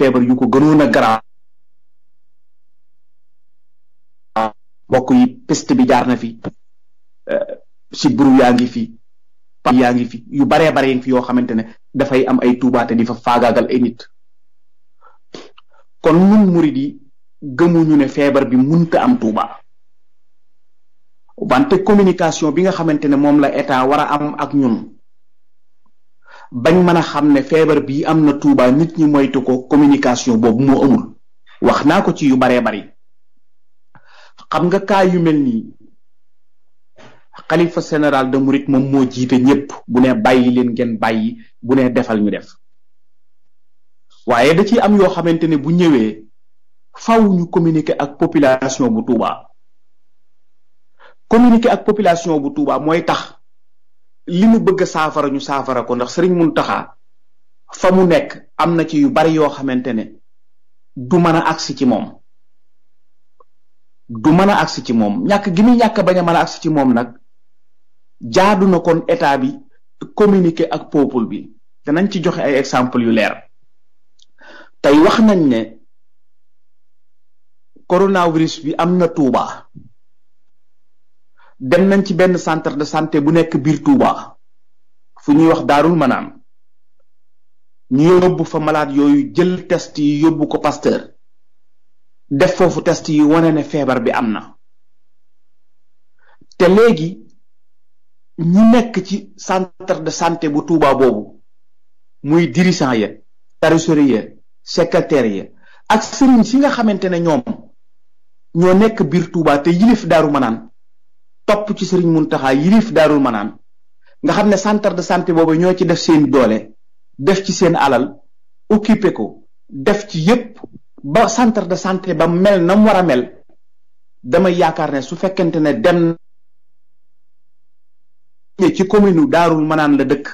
feebar yu ko gënoon a garaaw mbokk yi peste bi jaar na fi eh, sibbiru yaa ngi fi pa yaa ngi fi yu baree bare yi fi yoo xamante ne dafay am ay tuubaate di fa faagaagal ay nit kon mu murid yi gëmuñu ne feebar bi munta am tuuba wante communication bi nga xamante ne moom la état war a am ak ñun bañ mën a xam ne feebar bii am na Touba nit ñi moytu ko communication boobu moo amul wax naa ko ci yu baree bari xam nga kaa yu mel nii xalifa général de Mouride moom moo jiite ñépp bu ne bàyyi leen ngeen bàyyi bu ne defal ñu def waaye da ci am yoo xamante ne bu ñëwee faw ñu communiquer ak population bu Touba communiquer ak population bu tuuba mooy tax. li mu bëgg a saafara ñu saafara ko ndax sëriñ taxa fa mu nekk am na ci yu bari yoo xamante ne du mën a agsi ci moom du mën a agsi ci moom ñàkk gi muy ñàkk bañ a mën a agsi ci moom nag jaadu na kon état bi communiquer ak peuple bi danañ ci joxe ay exemple yu leer tey wax nañ ne coronavirus bi am na Tuuba dem nañ ci benn centre de santé bu nekk biir Touba fu ñuy wax daarul manaan ñu yóbbu fa malade yooyu jël test yi yóbbu ko pasteur def foofu test yi wane ne feebar bi am na te léegi ñu nekk ci centre de santé bu Touba boobu muy dirisant ya trésorier ya secrétaire ya ak sëriñ si nga xamante ne ñoom ñoo nekk biir Touba te yilif daaru manaan topp ci sëriñ Muntaxa yilif daarul manaan nga xam ne centre de santé boobu ñoo ci def seen doole def ci seen alal occupé ko def ci yépp ba centre de santé ba mel na mu war a mel damay yaakaar ne su fekkente ne dem ci commune daarul manaan la dëkk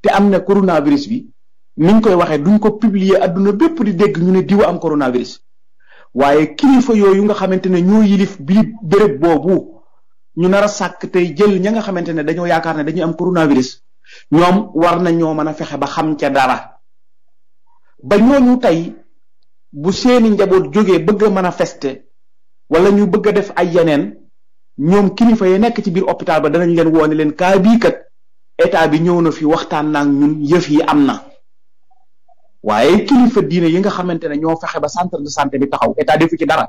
te am na coronavirus bi niñ koy waxee duñ ko publier adduna bépp di dégg ñu ne diwa am coronavirus waaye kilifa yooyu nga xamante ne ñoo yilif bi béréb boobu ñu nara a sàkk tey jël ña nga xamante ne dañoo yaakaar ne am coronavirus ñoom war na ñoo mën a fexe ba xam ca dara ba ñooñu tey bu seeni njaboot jógee bëgg a manifester wala ñu bëgg a def ay yeneen ñoom kilifa ya nekk ci biir hôpital ba danañ leen woone leen kaa bii kat état bi ñëw na fi waxtaan naag ñun yëf yi am na waaye kilifa diine yi nga xamante ne ñoo fexe ba centre de santé bi taxaw état defu ci dara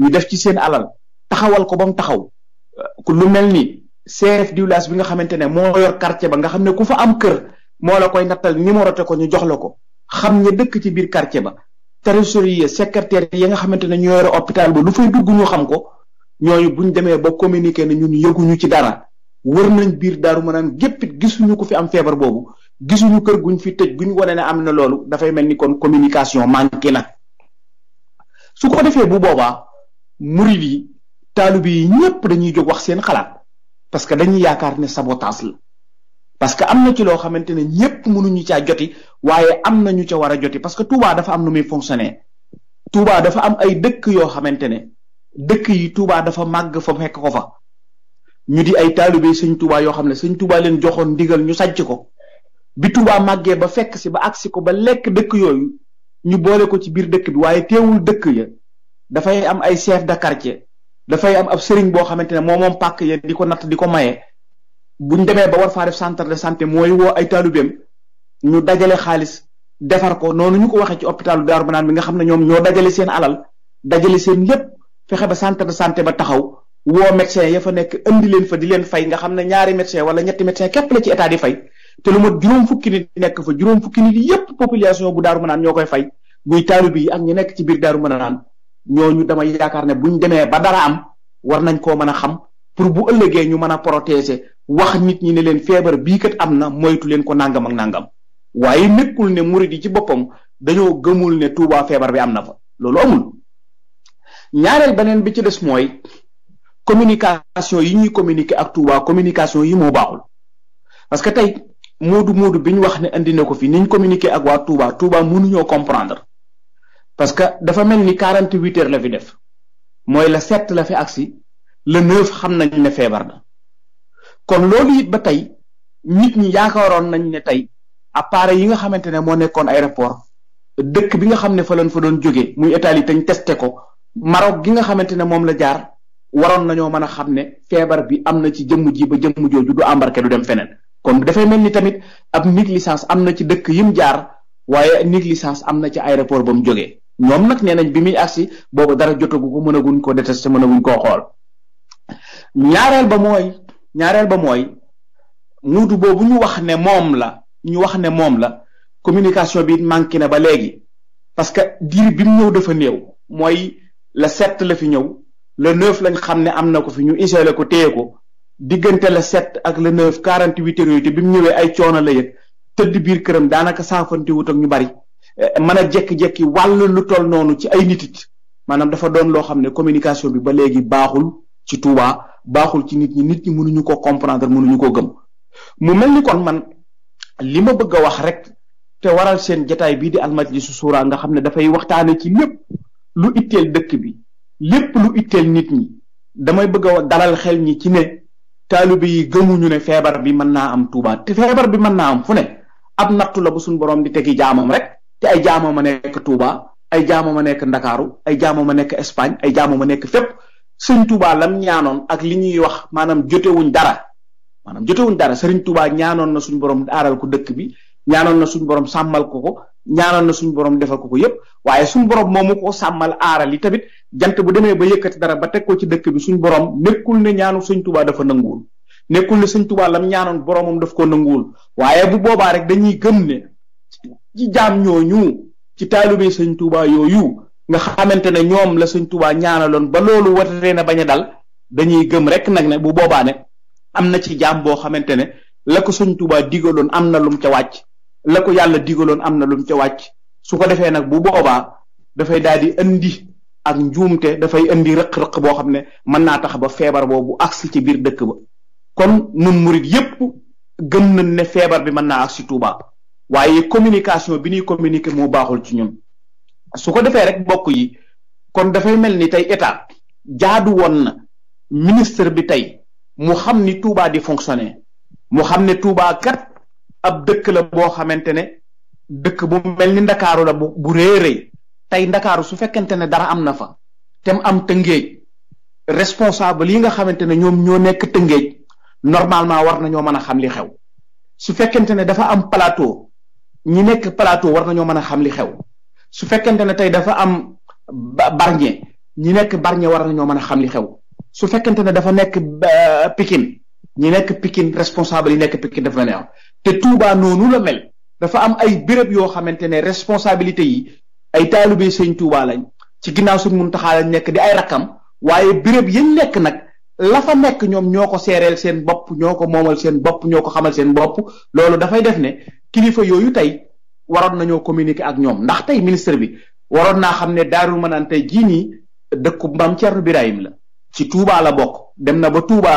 ñu def ci seen alal taxawal ko ba mu taxaw ku lu mel ni chef du village bi nga xamante ne moo yor quartier ba nga xam ne ku fa am kër moo la koy nattal numéro te ko ñu jox la xam dëkk ci biir quartier ba trésorier secrétaire yi nga xamante ne ñoo yore hôpital ba lu fay dugg ñu xam ko ñooñu buñ demee ba communiquer ne ñun yëguñu ci dara wër nañ biir daaru manaan géppit gisuñu ko fi am feebar boobu gisuñu kër guñ fi tëj buñ wane ne am na loolu dafay mel ni kon communication manqué na su ko defee bu boobaa murid taalibe yi ñëpp dañuy jóg wax seen xalaat parce que dañuy yaakaar ne sabotage la parce que am na ci loo xamante ne ñëpp mënuñu caa joti waaye am na ñu ca war a joti parce que Touba dafa am nu muy fonctionner Touba dafa am ay dëkk yoo xamante ne dëkk yi Touba dafa màgg fa fekk ko fa ñu di ay taalibe sëñ Touba yoo xam ne sëñ Touba leen joxoon ndigal ñu sàcc ko bi Touba màggee ba fekk si ba agsi ko ba lekk dëkk yooyu ñu boole ko ci biir dëkk bi waaye teewul dëkk ya dafay am ay chef de quartier dafay am ab sëriñ boo xamante ne moo moom pàkk ya di ko natt di ko maye buñ demee ba war faa def centre de santé mooy woo ay taalu taalubeem ñu dajalee xaalis defar ko noonu ñu ko waxee ci hôpitalu Daaru Manaan bi nga xam ne ñoom ñoo dajale seen alal dajale seen lépp fexe ba centre de santé ba taxaw woo médecin ya fa nekk indi leen fa di leen fay nga xam ne ñaari médecin wala ñetti médecin képp la ci état di fay te lu mat juróom nekk fa juróom fukki nit yépp population bu Daaru naan ñoo koy fay buy taalub yi ak ñu nekk ci biir Daaru Manaan ñooñu dama yaakaar ne buñ demee ba dara am war nañ koo mën a xam pour bu ëllëgee ñu mën a protéger wax nit ñi ne leen feebar bii kat am na moytu leen ko nangam ak nangam waaye nekkul ne murid yi ci boppam dañoo gëmul ne Touba feebar bi am na fa loolu amul ñaareel beneen bi ci des mooy communication yi ñuy communiquer ak Touba communication yi moo baaxul parce que tey moodu moodu bi ñu wax ne indi na ko fi ni ñu communiquer ak waa Touba Touba mënuñoo comprendre parce que dafa mel ni 48 heures la fi def mooy la sept la fi agsi le neuf xam nañ ne feebar na kon loolu it ba tey nit ñi yaakaaroon nañ ne tey appareil yi nga xamante ne moo nekkoon aéroport dëkk bi nga xam ne fa lañ doon jógee muy Italie tañ testé ko Maroc gi nga xamante ne moom la jaar waroon nañoo mën a xam ne feebar bi am na ci jëmm ji ba jëmm jooju du embarqué du dem feneen kon dafay mel ni tamit ab négligence am na ci dëkk yim jaar waaye négligence am na ci aéroport ba mu jógee ñoom nag nee nañ bi muy agsi boobu dara jotagu ko mënaguñ ko détesté mënaguñ koo xool ñaareel ba mooy ñaareel ba mooy muudu boobu ñu wax ne moom la ñu wax ne moom la communication bi manqué na ba léegi parce que diir bi mu ñëw dafa néew mooy la sept la fi ñëw le neuf lañ xam ne am na ko fi ñu isolé ko téye diggante la sept ak le neuf quarante huit yooyu te bi mu ñëwee ay coono la yëg tëdd biir këram daanaka saafanti wut ak ñu bari Eh, mën a jékki wall wàll lu toll noonu ci ay nitit maanaam dafa doon loo xam ne communication bi ba léegi baaxul ci Touba baaxul ci nit ñi nit ñi mënuñu ko comprendre mënuñu ko gëm mu mel ni kon man li ma bëgg a wax rek te waral seen jataay bii di almajlisu suura nga xam ne dafay waxtaane ci lépp lu itteel dëkk bi lépp lu itteel nit ñi damay bëgg a dalal xel ñi ci ne taalibe yi gëmuñu ne feebar bi mën naa am Touba te feebar bi mën naa am fu ne ab nattu la bu suñ borom di tegi jaamam rek te ay jaamoo ma nekk Touba ay jaamoo ma nekk Ndakaaru ay jaamoo ma nekk Espagne ay jaamoo ma nekk fépp sëñ Touba lam ñaanoon ak li ñuy wax maanaam jotewuñ dara maanaam jotewuñ dara sëriñ Touba ñaanoon na suñ borom aral ko dëkk bi ñaanoon na suñu borom sàmmal ko ko ñaanoon na suñu borom defal ko ko yépp waaye suñu borom moomu ko sàmmal aaral yi tamit jant bu demee ba yëkkati dara ba teg ko ci dëkk bi suñu borom nekkul ne ñaanu suñ Touba dafa nanguwul nekkul ne sëñ Touba lam ñaanoon boromam daf ko nanguwul waaye bu boobaa rek ci jaam ñooñu ci bi sëñ Touba yooyu nga xamante ne ñoom la sëñ Touba ñaanaloon ba loolu watatee na bañ a dal dañuy gëm rek nag ne bu boobaa ne am na ci jaam boo xamante ne la ko sëñ Touba digaloon am na lum ca wàcc lekko yàlla digaloon am na lum ca wàcc su ko defee nag bu boobaa dafay daal di andi ak njuumte dafay andi rëq-rëq boo xam ne mën naa tax ba feebar boobu agsi ci biir dëkk ba kon nun murit yëpp gëm na ne feebar bi mën naa agsi Touba. waaye communication bi ñuy communiquer mu baaxul ci ñun su ko defee rek mbokk yi kon dafay mel ni tey état jaadu woon na ministre bi tey mu xam ni Touba di fonctionner mu xam ne Touba kat ab dëkk la boo xamante ne dëkk bu mel ni ndakaaru la bu bu rëy rëy tey ndakaaru su fekkente ne dara am na fa te am tëngéej responsable yi nga xamante ne ñoom ñoo nekk tëngéej normalement war nañoo mën a xam li xew su fekkente ne dafa am plateau. ñi nekk plateau war nañoo mën a xam li xew su fekkente ne tey dafa am barñe ñi nekk barñe war nañoo mën a xam li xew su fekkente ne dafa nekk pikin ñi nekk pikin responsable yi nekk pikin dafa neew te Touba noonu la mel dafa am ay béréb yoo xamante ne responsabilité yi ay taalubé sëñ Touba lañ ci ginnaaw suñ mun taxaa lañ nekk di ay rakam waaye béréb yi nekk nag la fa nekk ñoom ñoo ko seereel seen bopp ñoo ko moomal seen bopp ñoo ko xamal seen bopp loolu dafay def ne kilifa yooyu tey waroon nañoo communiqué ak ñoom ndax tey ministre bi waroon naa xam ne Daarul Manaan tey jii nii dëkku Maam Cerno Birahim la ci Touba la bokk dem na ba Touba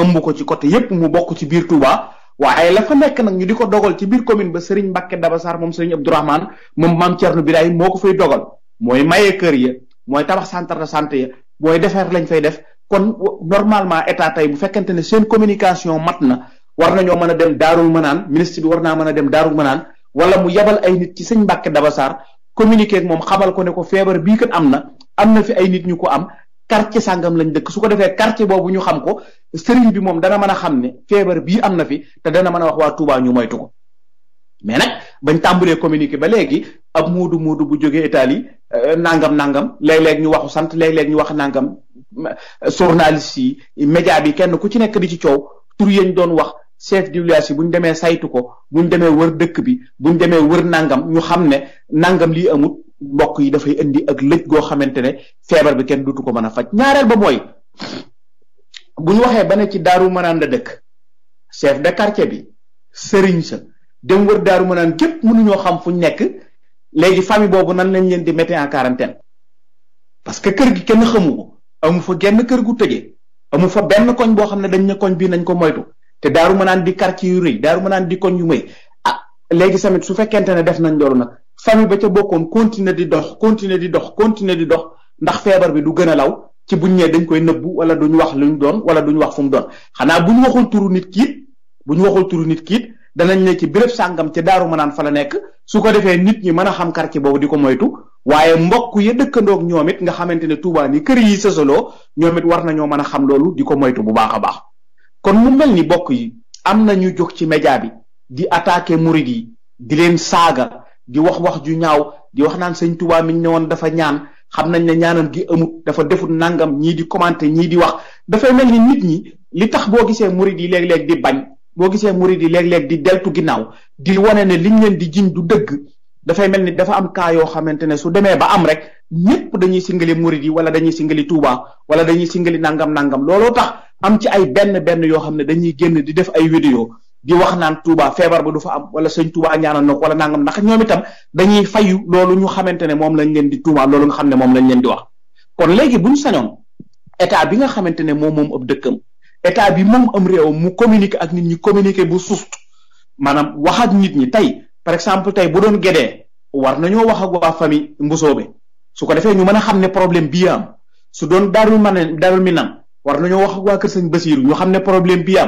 ëmb ko ci côté yépp mu bokk ci biir Touba waaye la fa nekk nag ñu di ko dogal ci biir commune ba Serigne Mbacke Dabassar moom Serigne Abdourahmane moom Maam Cerno Birahim moo ko fay dogal mooy maye kër ya mooy tabax centre de santé ya mooy defar lañ fay def kon normalement état tey bu fekkente ne seen communication mat na war nañoo mën a dem daarul manaan ministre bi war naa mën a dem daarul manaan wala mu yabal ay nit ci sëñ Mbàkke Dabasaar communiqué ak moom xamal ko ne ko feebar bii kat am na am na fi ay nit ñu ko am quartier sàngam lañ dëkk su ko defee quartier boobu ñu xam ko sëriñ bi moom dana mën a xam ne feebar bii am na fi te dana mën a wax waa Touba ñu moytu ko mais nag bañ tàmbalee communiqué ba léegi ab muudu muudu bu jógee Italie euh, nangam nangam léeg-léeg ñu waxu sant léeg-léeg ñu wax nangam euh, journaliste yi média bi kenn ku ci nekk di ci coow tur yeñ doon wax. chef du village yi bu demee saytu ko bu demee wër dëkk bi bu demee wër nangam ñu xam ne nangam lii amut mbokk yi dafay indi ak lëj goo xamante ne feebar bi kenn dutu ko mën a faj ñaareel ba mooy bu ñu waxee ba ne ci daaru mënaan la dëkk chef de quartier bi sëriñ sa dem wër daaru mënaan képp mënuñoo xam fu ñu nekk léegi famille boobu nan lañ leen di mettre en quarantaine que kër gi kenn xamu ko amu fa genn kër gu tëjee amu fa benn koñ boo xam ne dañ ne bii nañ ko moytu te daru ma naan di quartier yu rëy daru ma naan di koñ yu may ah léegi tamit su fekkente ne def nañ loolu nag famille ba ca bokkoon continuer di dox continuer di dox continuer di dox ndax feebar bi du gën a law ci buñ ñee dañ koy nëbbu wala duñ wax luñ doon wala duñ wax fu mu doon xanaa bu ñu waxul turu nit kiit bu ñu waxul turu nit kiit danañ ne ci béréb sàngam ca daaru ma naan fa la nekk su ko defee nit ñi mën xam quartier boobu di ko moytu waaye mbokk ya dëkkandoog nga xamante ne tuubaa ni kër yi sësaloo ñoom war nañoo mën a xam loolu di moytu bu baax baax kon mu mel ni bokk yi am na ñu jóg ci média bi di attaquer murid yi di leen saaga di wax wax ju ñaaw di wax naan sëñ Tuubaa mi ne woon dafa ñaan xam nañ ne ñaanam gi amut dafa defut nangam ñii di commenter ñii di wax dafay mel ni nit ñi li tax boo gisee murid yi léeg-léeg di bañ boo gisee murid yi léeg-léeg di deltu ginnaaw di wane ne liñ leen di jiñ du dëgg dafay mel ni dafa am cas yoo xamante ne su demee ba am rek ñëpp dañuy singali murid yi wala dañuy singali Touba wala dañuy singali nangam nangam looloo tax am ci ay benn benn yoo xam ne dañuy génn di def ay vidéo di wax naan Touba feebar ba du fa am wala sëñ Touba ñaanal na ko wala nangam ndax ñoom itam dañuy fayu loolu ñu xamante ne moom lañ leen di tuuma loolu nga xam ne moom lañ leen di wax kon léegi buñ sañoon état bi nga xamante ne moom moom ab dëkkam état bi moom am réewam mu communiquer ak nit ñi communiquer bu sust maanaam wax nit ñi tey par exemple tey bu doon gédee war nañoo wax ak waa famille mbusoobe su ko defee ñu mën a xam ne problème bii am su doon daarul man daarul minam war nañoo wax waa kër sëñ basiiru ñu xam ne problème bii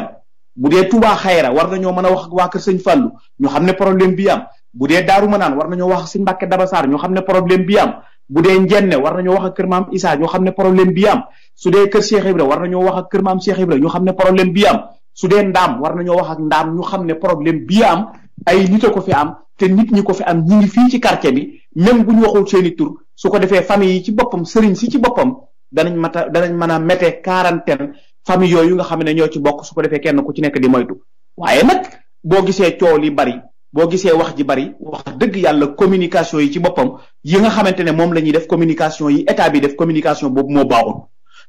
bu dee tubaa xayra war nañoo mën a wax ak sëñ fàllu ñu xam ne problème bii bu dee daaru manaan war nañoo wax ak sëñ mbàkke dabasaar ñu xam ne problème bii am bu dee njenne war nañoo wax kër maam isaa ñu xam ne problème bii am su dee kër Cheikh Ibra war wax ak kër maam Cheikh Ibra ñu xam ne problème bii am su dee ndaam war nañoo wax ak ndaam ñu xam ne problème bii am ay nit a ko fi am te nit ñi ko fi am ñi ngi fii ci karte bi même bu ñu waxul seeni tur su ko defee famille yi ci boppam sëriñ si ci boppam danañ mata danañ mën a mete quarantaine famille yooyu nga xam ne ñoo ci bokk su ko defee kenn ku ci nekk di moytu waaye nag boo gisee coow li bari boo gisee wax ji bari wax dëgg yàlla communication yi ci boppam yi nga xamante ne moom la ñuy def communication yi état bi def communication boobu moo baaxul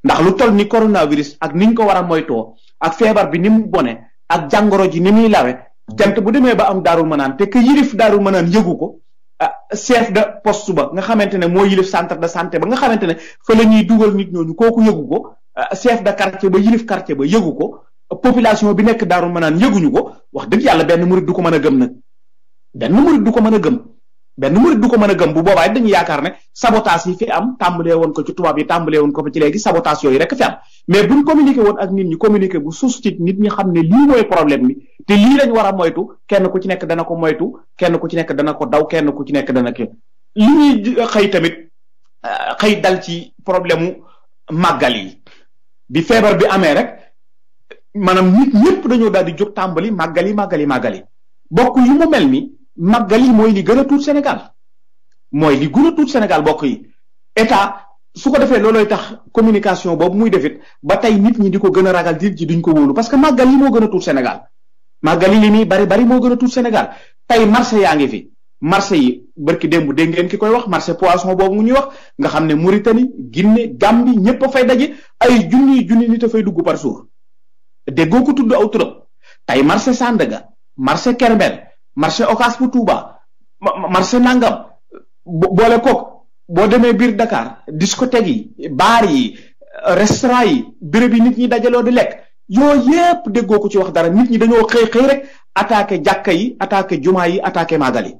ndax lu toll ni coronavirus ak niñ ko war a moytoo ak feebar bi ni mu bone ak jàngoro ji ni muy lawe jant bu demee ba am daarul manaan te que yilif daarul manaan yëgu ko ah chef de poste ba nga xamante ne moo yilif centre de santé ba nga xamante ne fa la ñuy dugal nit ñooñu ku yëgu ko ah, chef de quartier ba yilif quartier ba yëgu ko population bi nekk daarul manaan yëguñu ko wax dëgg yàlla benn murit du ko mën a gëm na benn murit du ko mën a gëm benn murid du ko mën a gëm bu boobaa it dañuy yaakaar ne sabotage yi fi am tàmbalee woon ko ci tubaab yi tàmbalee woon ko fa ci léegi sabotage yooyu rek fi am mais buñ communiqué woon ak nit ñi communiqué bu suus ci nit ñi xam ne lii mooy problème nii te lii lañ war a moytu kenn ku ci nekk dana ko moytu kenn ku ci nekk dana ko daw kenn ku ci nekk dana ki li ñuy euh, xëy tamit euh, xëy dal ci problème mu màggal yi bi feebar bi amee rek maanaam nit ñëpp dañoo daal di jóg tàmbali màggali màggali màggali magali moy li gëna tout Sénégal moy li gën tout Sénégal bokk yi état su ko defee loloy tax communication bob muy defit ba tay nit ñi di gëna ragal dir ji duñ ko wolu parce que magali mo gëna tout Sénégal magali li ni bari bari mo gëna tout Sénégal tay marché yaa ngi fi marché yi barki dembu de ngeen ki koy wax marché poisson mu ñuy wax nga xamné Mauritanie guiné Gambie ñepp fay dajé ay jooni jooni nit fay dugg par jour dégg ko tuddu aw tay marché Sandaga marché Kerbel marché Ocass bu Touba marché Nangam boole kook boo demee biir Dakar discothèque yi baar yi restaurant yi béréb yi nit ñi dajaloo di lekk yooyu yépp déggoo ko ci wax dara nit ñi dañoo xëy xëy rek attaqué jàkka yi attaqué jumaa yi attaqué maagal yi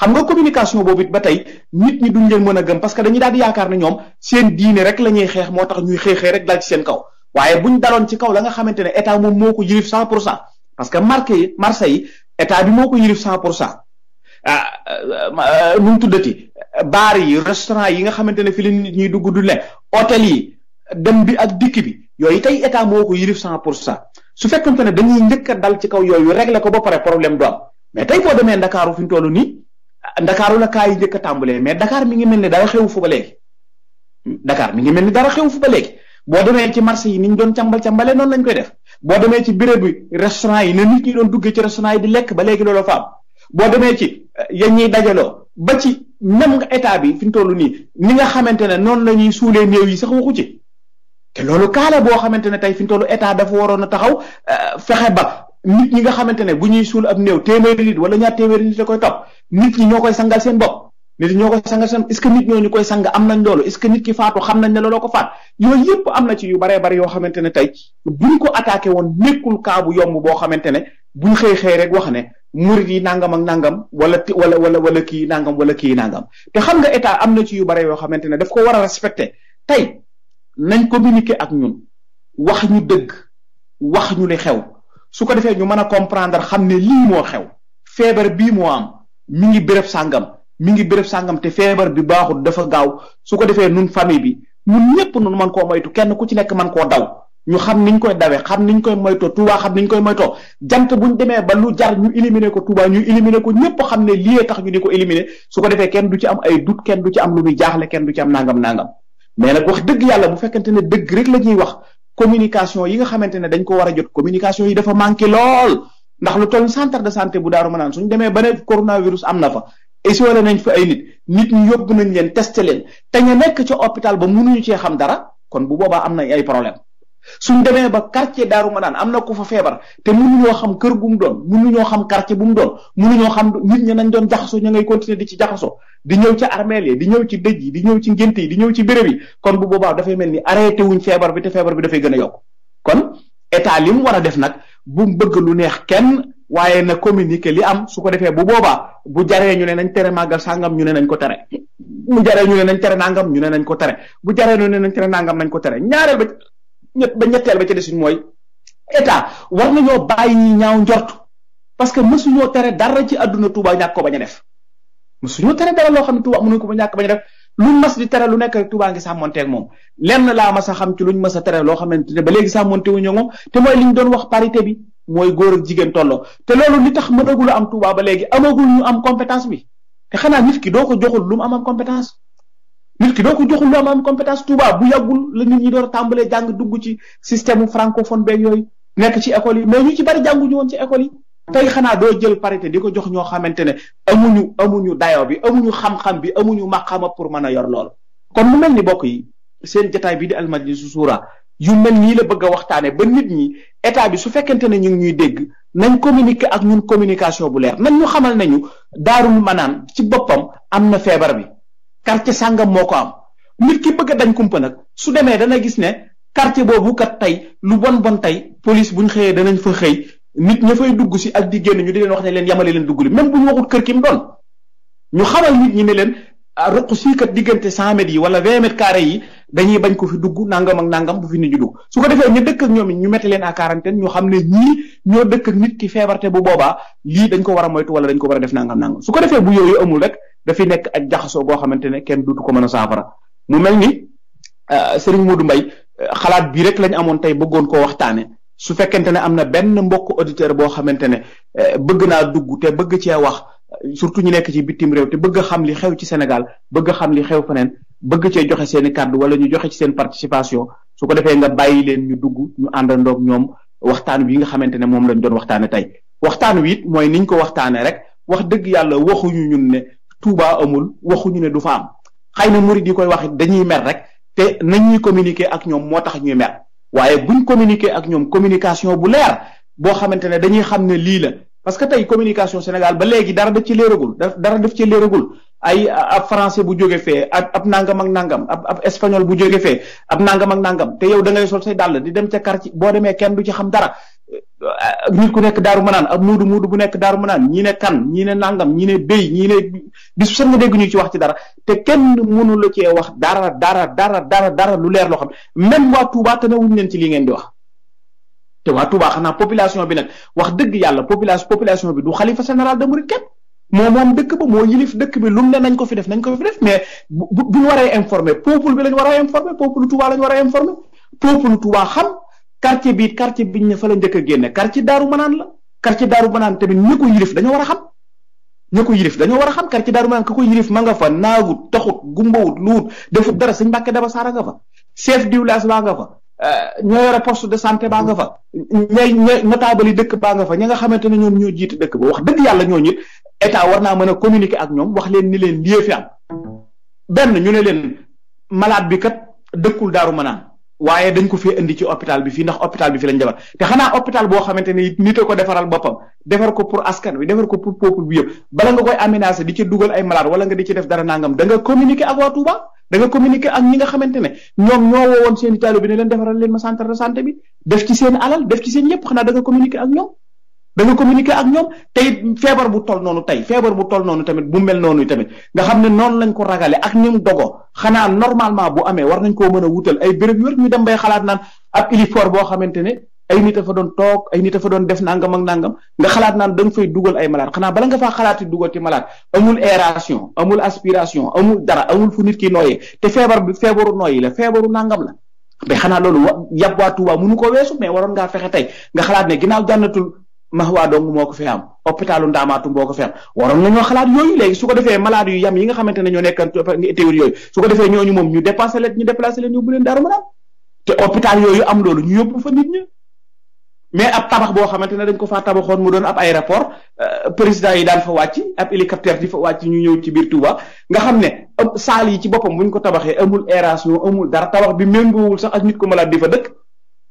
xam nga communication boobu it ba tey nit ñi duñ leen mën a gëm parce que dañuy daal yaakaar ne ñoom seen diine rek la ñuy xeex moo tax ñuy xëy xëy rek daal ci seen kaw waaye buñ daloon ci kaw la nga xamante ne état moom moo ko yilif cent pour cent parce que marqué yi yi état bi moo ko yilif cent pour cent ah, ah, ah, ah nu mu tuddati baar yi restaurant yi nga xamante ne fi la nit ñuy dugg du ne hôtel yi dem bi ak dikk bi yooyu tey état moo ko yilif cent pour cent su fekkante ne dañuy njëkk a dal ci kaw yooyu régler ko ba pare problème du am mais tey boo demee Ndakaaru fi ñu toll nii Ndakaaru la yi njëkk a tàmbalee mais Dakar mi ngi mel ni dara xew fu ba léegi Dakar mi ngi mel ni dara xew fu ba léegi boo demee ci marché yi ni ñu doon càmbal càmbale noonu lañ koy def boo demee ci bire bi restaurant yi na nit ñi doon duggee ci restaurant yi di lekk ba léegi loolu faam boo demee ci ya ñuy dajaloo ba ci même nga état bi fi mu toll nii ni nga xamante ne noonu la ñuy suulee néew yi sax waxu ci te loolu kaala boo xamante ne tey fi mu toll état dafa waroon a taxaw fexe ba nit ñi nga xamante ne bu ñuy suul ab néew téeméeri nit wala ñaar téeméeri nit la koy topp nit ñi ñoo koy sangal seen bopp nit ñoko koy sang sam est-ce nit ñoo ñu koy sang am nañ lolu est-ce nit ki faatu xam nañ ne lolu ko faat yoy yep am na ci yu bare bare yo xamantene tay buñ ko attaquer won nekkul ka bu yomb bo xamantene buñ xëy xëy rek wax ne mouride yi nangam ak nangam wala wala wala wala ki nangam wala ki nangam te xam nga état am na ci yu bare yo xamantene daf ko wara respecter tay tey nañ communiquer ak ñun wax ñu deug wax ñu li xew su ko defé ñu mëna comprendre xamné li mo xew fièvre bi mo am mi ngi bërepp sàngam mi ngi béréb sàngam te feebar bi baaxul dafa gaaw su ko defee nun famille bi ñun ñëpp nun man koo moytu kenn ku ci nekk man koo daw ñu xam niñ koy dawee xam niñ koy moytoo Touba xam niñ koy moytoo jant buñ demee ba lu jar ñu ko Touba ñu ko ñëpp xam ne lii tax ñu di ko éliminer su ko defee kenn du ci am ay doute kenn du am lu muy jaaxle kenn du ci am nangam nangam mais nag wax dëgg yàlla bu fekkente ne dëgg rek la ñuy wax communication yi nga xamante ne dañ ko war a jot communication yi dafa manqué lool ndax lu toll centre de santé bu daaru ma naan suñ demee ba ne coronavirus am na fa isolé nañ fa ay nit nit ñu yóbbu nañ leen testé leen te ñu nekk ca hôpital ba mënuñu cee xam dara kon bu boobaa am nañ ay problème suñ demee ba quartier daaruma Manaan am na ku fa feebar te mënuñoo xam kër gu mu doon mënuñoo xam quartier bu mu doon mënuñoo xam nit ñi nañ doon jaxasoo ñu ngay continuer di ci jaxasoo di ñëw ci armeel yi di ñëw ci dëj yi di ñëw ci ngént yi di ñëw ci béréb yi kon bu boobaa dafay mel ni arrêté wuñ feebar bi te feebar bi dafay gën a yokk kon état li mu war a def nag bu mu bëgg lu neex kenn waaye na communiquer li am su ko defee bu boobaa bu jaree ñu ne nañ tere màggal sàngam ñu ne nañ ko tere bu jaree ñu ne nañ tere nangam ñu ne nañ ko tere bu jaree ñu ne nañ tere nangam nañ ko tere ñaareel ba ñett ba ñetteel ba ca desuñ mooy état war nañoo bàyyi ñi ñaaw njort parce que mësuñoo tere dara ci àdduna Touba ñàkk ko bañ a def mësuñoo tere dara loo xam ne Touba mënuñ ko ba ñàkk bañ a luñ mas di tere lu nekk rek Touba ngi sàmmonteeg moom lenn laa mas a xam ci luñ mas a tere loo xamante ne ba léegi sàmmonte wuñu moom te mooy liñ doon wax parité bi mooy góor ak jigéen tolloo te loolu li tax mënagul am Touba ba léegi amagul ñu am compétence bi xanaa nit ki doo ko joxul lu mu am am compétence nit ki doo ko joxul lu am am compétence Touba bu yàggul la nit ñi door a tàmbalee jàng dugg ci système francophone beeg yooyu nekk ci école yi mais ñu ci bari jànguñu woon ci école yi tey xanaa doo jël parité di ko jox ñoo xamante ne amuñu amuñu dayo bi amuñu xam-xam bi amuñu maqama pour mën a yor lool kon mu mel ni bokk yi seen jataay bii di Al Majlizou Zoura yu mel nii la bëgg a waxtaane ba nit ñi état bi su fekkente ne ñu ngi ñuy dégg nañ communiquer ak ñun communication bu leer nañ ñu xamal nañu daarul manaan ci boppam am na feebar bi quartier sàngam moo ko am nit ki bëgg dañ kumpa nag su demee dana gis ne quartier boobu kat tey lu bon bon tey police buñ xëyee danañ fa xëy nit ña fay dugg si ak di génn ñu di leen wax ne leen yamale leen dugg li même bu ñu waxul kër kim doon ñu xamal nit ñi ne leen ah, ruq sii kat diggante 100 mètres yi wala 20 mètres carré yi dañuy bañ ko fi dugg nangam ak nangam bu fi nit ñu dugg su ko defee ñu dëkk ak ñoom ñu metti leen à quarantaine ñu xam ne ñii ñoo dëkk ak nit ki feebarte bu boobaa lii dañ ko war a moytu wala dañ ko war a def nangam nangam su ko defee bu yooyu amul rek dafi nekk ak jaxasoo boo xamante ne kenn dutu ko mën a saafara mu mel ni ah, sëriñ Modou Mbay ah, xalaat bi rek lañ amoon tey bëggoon koo waxtaane su fekkente ne am na benn mbokk auditeur boo xamante ne eh, bëgg naa dugg te bëgg cee wax surtout ñu nekk ci bitim réew te bëgg xam li xew ci Sénégal bëgg xam li xew feneen bëgg cee joxe seen i kàddu wala ñu joxe ci seen participation su ko defee nga bàyyi leen ñu dugg ñu àndandoog ñoom waxtaan wi nga xamante ne moom lañ doon waxtaane tey waxtaan wi it mooy niñ ko waxtaane rek wax dëgg yàlla waxuñu ñun ne Touba amul waxuñu ne du fa am xëy na murid yi koy wax dañuy mer rek nañ ñuy communiquer ak ñoom moo tax ñuy mer waaye buñ communiqué ak ñoom communication bu leer boo xamante ne dañuy xam ne lii la parce que tey communication Sénégal ba léegi dara daf ci leeragul dara def ci leeragul ay a français bu jóge fee ab ab nangam ak nangam ab ab espagnol bu jóge fee ab nangam ak nangam te yow da ngay sol say dàll di dem ca quartier boo demee kenn du ci xam dara nit ku nekk daaru manaan ab muudu muudu bu nekk daaru manaan ñii ne kan ñii ne nangam ñii ne béy ñii ne bis sax nga dégg ñu ci wax ci dara te kenn mënu la cee wax dara dara dara dara dara lu leer loo xam même waa Touba te wu leen ci li ngeen di wax te waa Touba xanaa population bi nag wax dëgg yàlla population population bi du xalifa général de Mouride kenn moo moom dëkk ba moo yilif dëkk bi lu mu ne nañ ko fi def nañ ko fi def mais bu bu ñu waree informer peuple bi lañ war a lañ war a informer peuple quartier bi quartier biñ ne fa la njëkk a génne quartier daaru manaan la quartier daaru manaan tamit ñi ko yilif dañoo war a xam ñi ko yilif dañoo war a xam quartier daaru manaan ka ko yilif ma nga fa naagut taxut gumbawut luwut defut dara sëñ Mbàkke Daba Saara nga fa chef de village baa nga fa euh, ñoo yore de santé baa nga fa ñay ñay notable yi dëkk baa nga fa ña nga xamante ne ñoom ñoo jiite dëkk ba wax dëgg yàlla ñoo ñit état war naa mën a communiquer ak ñoom wax leen ni leen liee fi am benn ñu ne leen malade bi kat dëkkul daaru manaan waaye dañ ko fi indi ci hôpital bi fi ndax hôpital bi fi la defar te xanaa hôpital boo xamante ni nit a ko defaral boppam defar ko pour askan wi defar ko pour peuple bi yëpp bala nga koy aménager di ci dugal ay malade wala nga di ci def dara nangam da nga communiquer ak waa Touba da nga communiquer a ñi nga xamante ne ñoom ñoo woowoon seen i taalibe bi ne leen defaral leen ma centre de santé bi def ci seen alal def ci seen yëpp xanaa da nga ak ñoom. da nga ak ñoom tey feebar bu toll noonu tey feebar bu toll noonu tamit bu mel noonu tamit nga xam ne noonu lañ ko ragale ak ni mu dogo xanaa normalement bu amee war nañ koo mën a wutal ay béréb yu ñu dem bay xalaat naan a ilifor boo xamante ne ay nit a doon toog ay nit a fa doon def nangam ak nangam nga xalaat naan da fay dugal ay malade xanaa bala nga faa xalaati dugal ci malaat amul aération amul aspiration amul dara amul fu nit ki nooyee te feebar bi feebaru nooyi la feebaru nangam la mais xanaa loolu wa yàpp waa ko weesu mais waroon ngaa fexe tey nga xalaat ne ginnaaw Mahwa dong moo ko fi am hôpitalu Ndaamaatu moo ko fi am waroon nañoo xalaat yooyu léegi su ko defee malade yu yam yi nga xamante ne ñoo nekk théorie yooyu su ko defee ñooñu moom ñu dépassé leen ñu déplacé leen yóbbu leen Daaru Marnaan te hôpital yooyu am doolu ñu yóbbu fa nit ña mais ab tabax boo xamante ne dañ ko faa tabaxoon mu doon ab aéroport euh, président yi daal fa wàcc ab hélicoptère di fa wàcc ñu ñëw ci biir tuba nga xam ne saal yi ci boppam buñ ko tabaxee amul aération amul dara tabax bi méngoowul sax ak nit ko malade di fa dëkk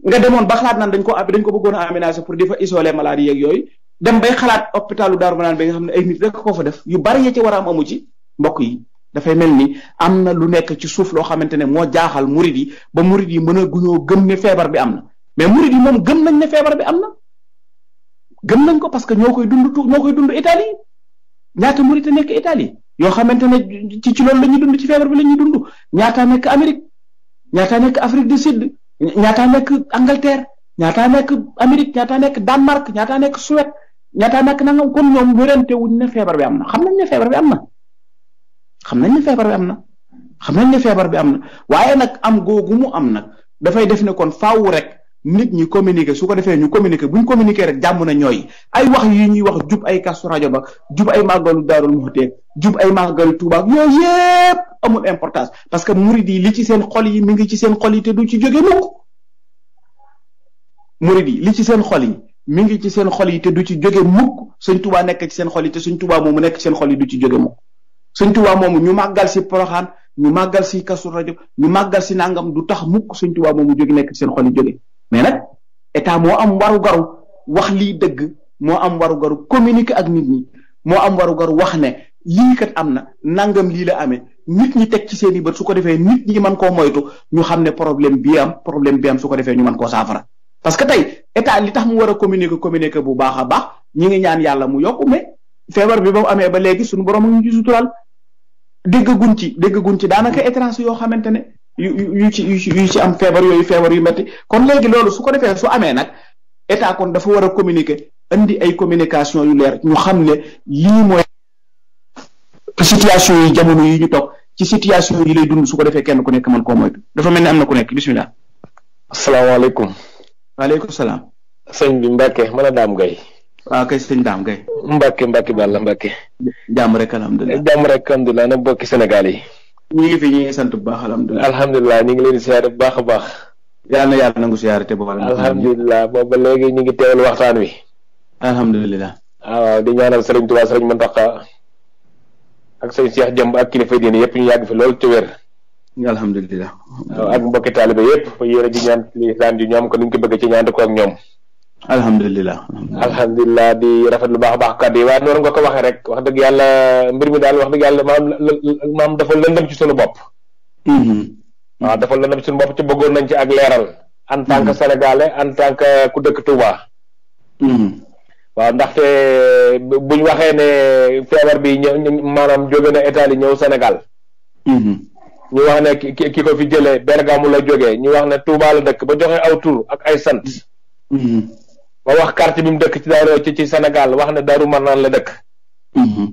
nga demoon ba xalaat naan dañ ko dañ ko bëggoon a aménager pour di fa isoler maladies yooyu dem bay xalaat hôpitalu Daaru Manaan bi nga xam ne ay nit rek ko fa def yu bari ya ci a am amu yi dafay mel ni am na lu nekk ci suuf loo xamante ne moo jaaxal murid yi ba murid yi mën a guñoo gëm ne feebar bi am na mais murid yi moom gëm nañ ne feebar bi am na gëm nañ ko parce que ñoo koy dund ñoo koy dund Italie ñaata murid a nekk Italie yoo xamante ne ci ci loolu la ñuy dund ci feebar bi la ñuy dund ñaata nekk Amérique ñaata nekk Afrique du Sud ñaataa nekk Angleterre ñaataa nekk Amérique ñaataa nekk Danemark ñaataa nekk Suède ñaataa nekk nangam kon ñoom wérante wuñ ne feebar bi am xam nañ ne feebar bi am na xam nañ ne feebar bi am na xam nañ ne feebar bi am na waaye nag am googu mu am nag dafay def ne kon faaw rek nit ñi communiquer su ko defee ñu communiqué buñ communiqué rek jàmm na ñooy ay wax yi ñuy wax jub ay kastu rajo ba jub ay màggalu Daarul Muxti jub ay màggalu Tuubaa yooyu yépp amul importance parce que murid yi li ci seen xol yi mi ngi ci seen xol yi te du ci jóge mukk murid yi li ci seen xol yi mi ngi ci seen xol yi te du ci jóge mukk sëñ tubaa nekk ci seen xol yi te sëñ moomu nekk ci seen xol yi du ci jóge mukk sëñ moomu ñu màggal si poroxaan ñu màggal si kasu rajo ñu màggal si nangam du tax mukk sëñ tubaa moomu jóge nekk ci seen xol yi jóge mais nag état moo am waru garu wax lii dëgg moo am waru garu communiquer ak nit ñi moo am waru garu wax ne lii kat am nangam lii la amee nit ñi tek ci seeni bët su ko defee nit ñi man koo moytu ñu xam ne problème bi am problème bi am su ko defee ñu man koo saafara parce que tay état li tax mu war a communiquer communiquer bu baax a baax ñi ngi ñaan yàlla mu yokku mais feebar bi ba mu amee ba léegi suñu borom ñu ci sutural dégg guñ ci dégg guñ ci daanaka étranger yoo xamante ne yu yu ci yu ci yu ci am feebar yooyu feebar yu metti kon léegi loolu su ko defee su amee nag état kon dafa war a communiquer andi ay communication yu leer ñu xam ne lii mooy situation yi jamono yi ñu toog ci situation yi lay dund su ko defee kenn ku nekk man koo moytu dafa mel ni am na ku nekk bisimilah. asalaamaaleykum. waaleykum salaam. sëñ bi Mbacke mën a daam gay. waaw kay sëñ daam gay. Mbacke Mbacke Balla Mbacke. jàmm rek alhamdulilah jàmm rek alhamdulilah na bokki Sénégal yi. ñu ngi fi ñu ngi sant bu baax alhamdulilah. alhamdulilah ñu ngi leen di siyaare bu baax a baax. yàlla na yàlla nangu siyaare te boole. alhamdulilah booba léegi ñu ngi teewal waxtaan wi. alhamdulilah. waaw di ñaanal Serigne sëriñ Serigne Mountakha ak sëñ Cheikh Jëmb ak kilifa diine yëpp ñu yàgg fi lool ci wér. alhamdulilah. waaw ak mbokki taalibe fa yéen di ñaan daan di ñoom ko ñu ko bëgg ci ñaan ko ak ñoom. alhamdulilah. alhamdulilah di rafet lu baax baax ka di waaye noonu nga ko waxee rek wax dëgg yàlla mbir mi daal wax dëgg yàlla maam maam dafa lëndam ci suñu bopp. waaw dafa lëndam ci sunu bopp mm-hmm. ci bëggoon nañ ci ak leeral. en tant que mm-hmm. sénégalais en tant que ku dëkk Touba. Mm-hmm. waaw ndaxte buñ waxee ne feebar bi ñëw maanaam jóge na Italie ñëw senegal mm-hmm. ñu wax ne ki ki ko fi jëlee Bergamo la jóge ñu wax ne Touba la dëkk ba joxe aw tour ak ay sant. Mm-hmm. ba wax carte bi mu dëkk ci daaru ci ci wax ne Daaru Marnaan la dëkk. Mm-hmm.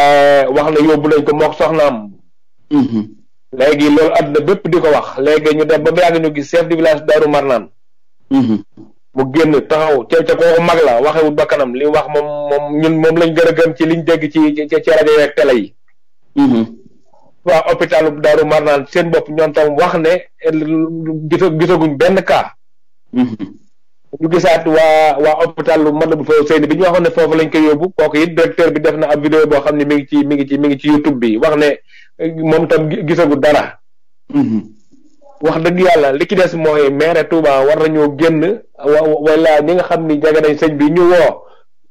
Eh, wax ne yóbbu nañ ko mook soxnaam. léegi loolu àdduna bépp di ko wax léegi ñu dem ba mu yàgg ñu gis chef de village Daaru Marnaan. mu génn taxaw ca kooku mag la waxewul ba kanam li wax moom moom ñun lañ gën a gëm ci liñ dégg ci ci ci rajo yeeg télé yi. Mm-hmm. waa hôpitalu Daaru Marnaan seen bopp ñoom tam wax ne gisaguñ benn cas. Mm-hmm. ñu gisaat waa waa hôpitalu Matlaboul Fawzayni bi ñu waxoon ne foofu lañ koy yóbbu kooku it directeur bi def na ab vidéo boo xam ne mi ngi ci mi ngi ci mi ngi ci YouTube bi wax ne moom tam gisagu dara. Mm-hmm. wax deug yalla li ki dess moy maire Touba war nañu genn wala ni nga xamni ni jege nañ sëñ bi ñu wo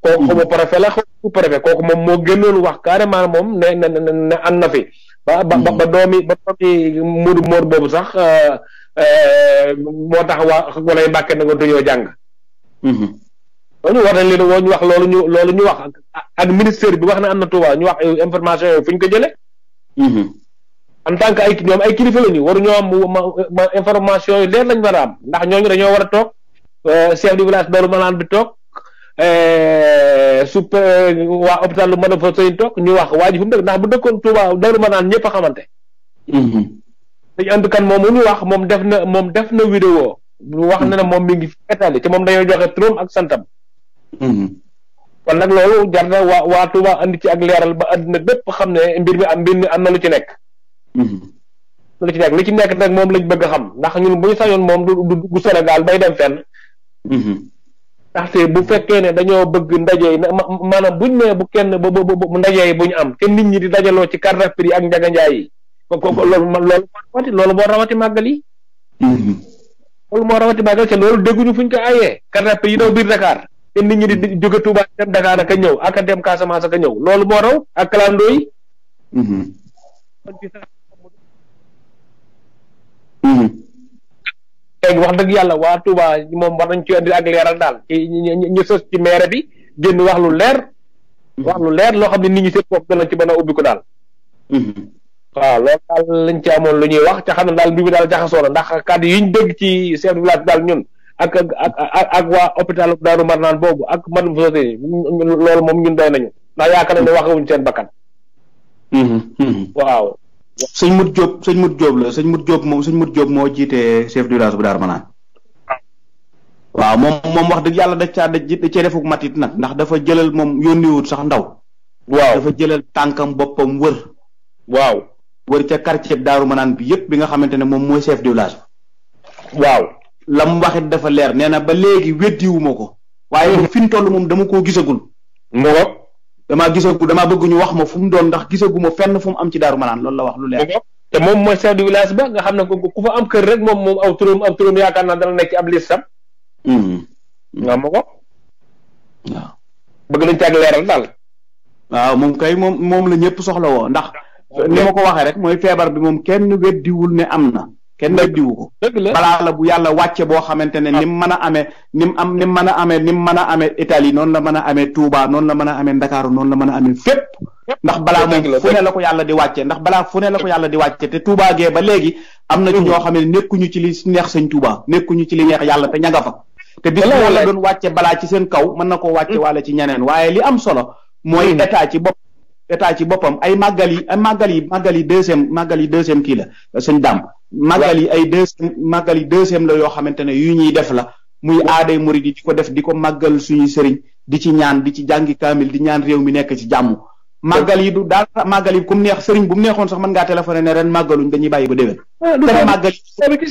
ko ko mo préfet la ko ma préfet kooku mom mo génnoon wax carrément mom ne ne an na fi. ba ba ba hmm. doomi ba doomi mur mur bobu sax euh, euh, moo tax waa walay bakke na nga jang hmm ñu war nañ leen woo ñu wax lolu ñu lolu ñu wax ak ministère bi wax na an na Touba ñu wax information fuñ ko jëlé hmm en tant que ay ñom ay kilifa lañu waru ñoo am ma information yi leer lañu wara am ndax ñu dañoo wara tok euh chef du village Darou Manane bi euh super euh, wa hôpital lu Madou Fassane tok ñu wax waji fu mu dëkk ndax bu dëkkoon Touba Darou Manane ñepp xamanté hmm dañ ànd kan mom ñu wax mom def na mom def na vidéo wax na mom mi ngi fi Italie mom dañoo joxe trom ak santam. Mm-hmm. kon nak lolu jarna wa Touba andi ci ak leral ba àddina bépp xamné mbir bi am mbir am na lu ci nekk. Mhm. lu ci nekk lu ci nekk nag moom lañ bëgg a xam ndax ñun bu ñu sañoon moom du du dugg Sénégal bay dem fenn. Mhm. ndaxte bu fekkee ne dañoo bëgg ndaje yi buñ ne bu kenn am te nit ñi di dajaloo ci car rapide ak njaganjaay yi. ko ko loolu man rawati loolu moo rawati màggal yi. Mhm. loolu moo rawati màggal te loolu dégguñu fuñ ko ayee car rapide yi daw Dakar te nit ñi di Touba dem Dakar ak ñëw ak dem Casamance ak ñëw raw ak Hmm. léegi wax dëgg yàlla waa Touba moom wax nañ ci andi ak leeral daal ci ñu sos ci maire bi génn wax lu leer hmm. wax lu leer loo xam ne nit ñi seen bopp dana ci mën a ubbi ko daal hmm. waaw loolu daal lañ ci amoon lu ñuy wax ca xam ne daal mbir mi daal jaxasoo na ndax kàddu ñu dégg ci seen village daal ñun ak ak ak ak waa hôpital Daaru Marnaan boobu ak madame Sosé loolu moom ñun doy nañu ndax yaakaar nañ ne seen bakkan waaw sëñ Mut Jóob sëñ Mut Jóob la sëñ Mut Jóob moom sëñ Mut Jóob moo jiite chef du village bu Darou Manane. waaw moom moom wax dëgg yàlla da caa da cee defuk matit nag ndax dafa jëlal moom yónniwut sax ndaw. waaw dafa jëlal tànkam boppam wër. waaw wër ca quartier Darou Manane bi yëpp bi nga xamante ne moom mooy chef du village. waaw la waxit dafa leer nee na ba léegi weddiwuma ko. waaye ba hmm. fi mu toll moom dama koo gisagul. dama gisagu damaa dama bëgguñu wax ma fu mu doon ndax gisagu ma fenn fu am ci daaru manaan loolu la wax lu leer te moom mooy chef du village ba nga xam ne ku fa am kër rek moom moom aw turam am turam yaakaar naa dana nekk ab listam hmm. nga ma ko waaw bëgg nañ ci ak leeral daal waaw moom kay moom moom la ñëpp soxla woo ndax ni ma ko waxee rek mooy feebar bi moom kenn weddiwul ne am na kenn weddiwu ko balaa la bu yàlla wàcce boo xamante ne ah. ni mu mën a amee ni mu am ni mu mën a amee ni mu mën a amee Italie noonu la mën a amee Touba la mën a amee Ndakaaru noonu la mën a amee fépp ndax balaa fu ne la ko yàlla di wàcce ndax balaa fu ne la ko yàlla di wàcce te Touba gee ba léegi am na ci ñoo xam ne nekkuñu ci li neex sëñ Touba nekkuñu ci li neex yàlla te ña nga fa te bis boo la doon wàcce balaa ci seen kaw mën na koo wàcce mm. wala ci ñeneen waaye li am solo mooy mm. état ci bopp état ci boppam ay màggal yi ay màggal yi màggal yi deuxième màggal yi deuxième kii la sëñ dàmb màggal yi ay deuxième màggal yi deuxième la yoo xamante ne yu ñuy def la muy aaday murid yi di ko def di ko màggal suñu sëriñ di ci ñaan di ci jàngi kaamil di ñaan réew mi nekk ci jàmm màggal yi du daal màggal yi ku neex sëriñ bu mu neexoon sax mën ngaa téléphoné ne ren màggaluñ dañuy bàyyi ba déwén ah, tela màggal yi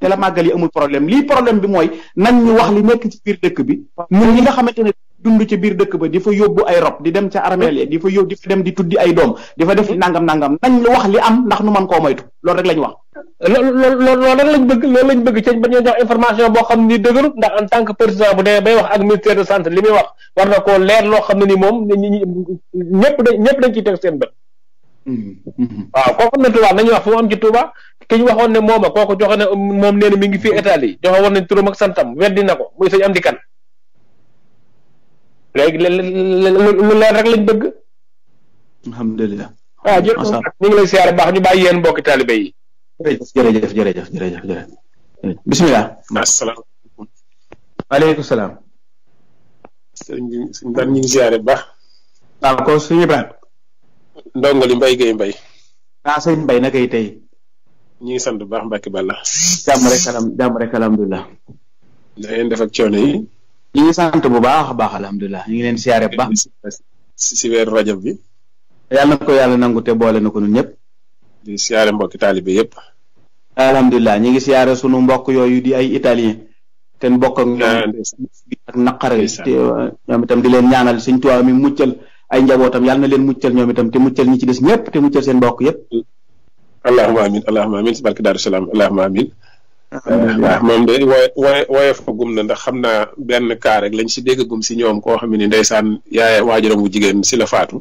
te la màggal yi amul problème lii problème bi mooy nañ ñu wax li nekk ci biir dëkk bi dund ci biir dëkk ba di fa yóbbu ay rob di dem ca armel ya di fa yóbbu di fa dem di tuddi ay doom di fa def nangam mm-hmm. nangam nañ lu wax li am ndax nu man koo moytu loolu rek lañ wax loolu rek lañ bëgg loolu lañ bëgg ci lo jox information boo xam ni lo ndax en tant que président bu dee bay wax ak ministère de santé li muy wax war na koo leer lo xam ne ni moom ñëpp dañ ñëpp dañ ciy teg seen bët mm-hmm. Mm-hmm. waaw kooku na lo nañu wax fu lo am ci Touba ki ñu waxoon ne lo kooku joxe ne moom nee na mi ngi fii lo joxe woon nañ turam ak santam weddi na ko muy sëñ am di kan léegi lu leer rek lañ bëgg. alhamdulilah. Ah jërëjëf ñu ngi lay siyaare baax ñu bàyyi yéen mbokki taalibe yi. jërëjëf jërëjëf jërëjëf jërëjëf. bisimilah. asalaamaaleykum. waaleykum salaam. sëñ bi sëñ ñu ngi siyaare baax. waaw kon suñu baax. ndongo li mbay gay mbay. ah sëñ mbay na kay tey. sant baax Mbacke Balla. rek rek da ngeen def ak yi ñu ngi sant bu baax a baax alhamdulilah ñu ngi leen siyaare bu baax. si si weeru rajab bi. yàlla ya, ya, ya, kan nah, na ko yàlla nangu te boole na ko ñun ñëpp. di siyaare mbokki taalibe yëpp. alhamdulilah ñu ngi siyaare sunu mbokk yooyu di ay italien. te bokk ak ñoom ak naqar ñoom itam di leen ñaanal suñ tuwaa mi muccal ay njabootam yàlla na leen muccal ñoom itam te muccal ñi ci des ñëpp te muccal seen mbokk yëpp. allahumma amin allahumma amin si barke Salaam allahumma amin waaw moom de woy woy woyofagum na ndax xam naa benn cas rek lañ si déggagum si ñoom koo xam ne ndeysaan yaay waajuram bu jigéen si la faatu.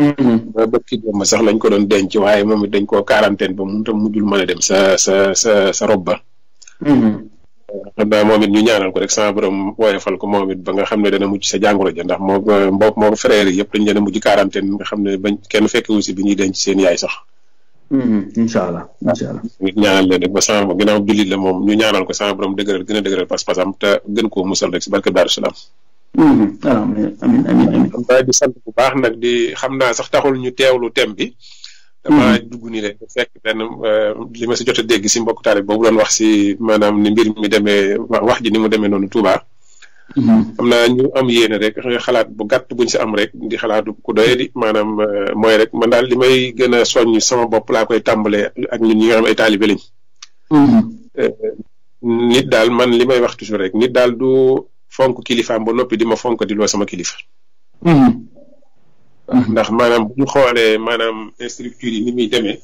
Mm-hmm. ba bëkki démb sax lañ ko doon denc waaye moom it dañ koo quarantaine ba mënut a mujjul mën a dem sa sa sa sa rob ba. Mm-hmm. xam naa ñu ñaanal ko rek sama borom woyofal ko moom it ba nga xam ne dana mujj sa jàngoro ja ndax moo mbokk moo frère yëpp dañ leen a mujj quarantaine nga xam ne bañ kenn fekkewu si bi ñuy denc seen yaay sax. incha um mm-hmm. incha allah. ñaanal leen rek ba sama ginnaaw jullit la moom ñu ñaanal ko sama borom dëgëral gën a dëgëral pas-pasam te gën ko musal rek si barke Daaru Salaam. Mm-hmm. amiin amiin amiin. waaye di sant bu baax nag di xam naa sax taxul ñu teewlu thème bi. dama mm-hmm. dugg nii rek fekk benn euh, li ma si jot a si mbokk taale boobu doon wax si maanaam ni mbir mi demee wax ji ni mu demee noonu Touba. xam mm-hmm. naa ñu am yéene rek xalaat bu gàtt buñ si am rek di xalaatu ku doye di euh, mooy rek man daal li may gën a soññ sama bopp laa koy tàmbalee ak ñun ñi nga xam ay taalibe lañ mm-hmm. euh, nit daal man li may wax toujours rek nit daal du fonk kilifaam ba noppi di ma fonk di loo sama kilifa mm-hmm. ah. ndax maanaam bu ñu xoolee maanaam structure yi ni muy demee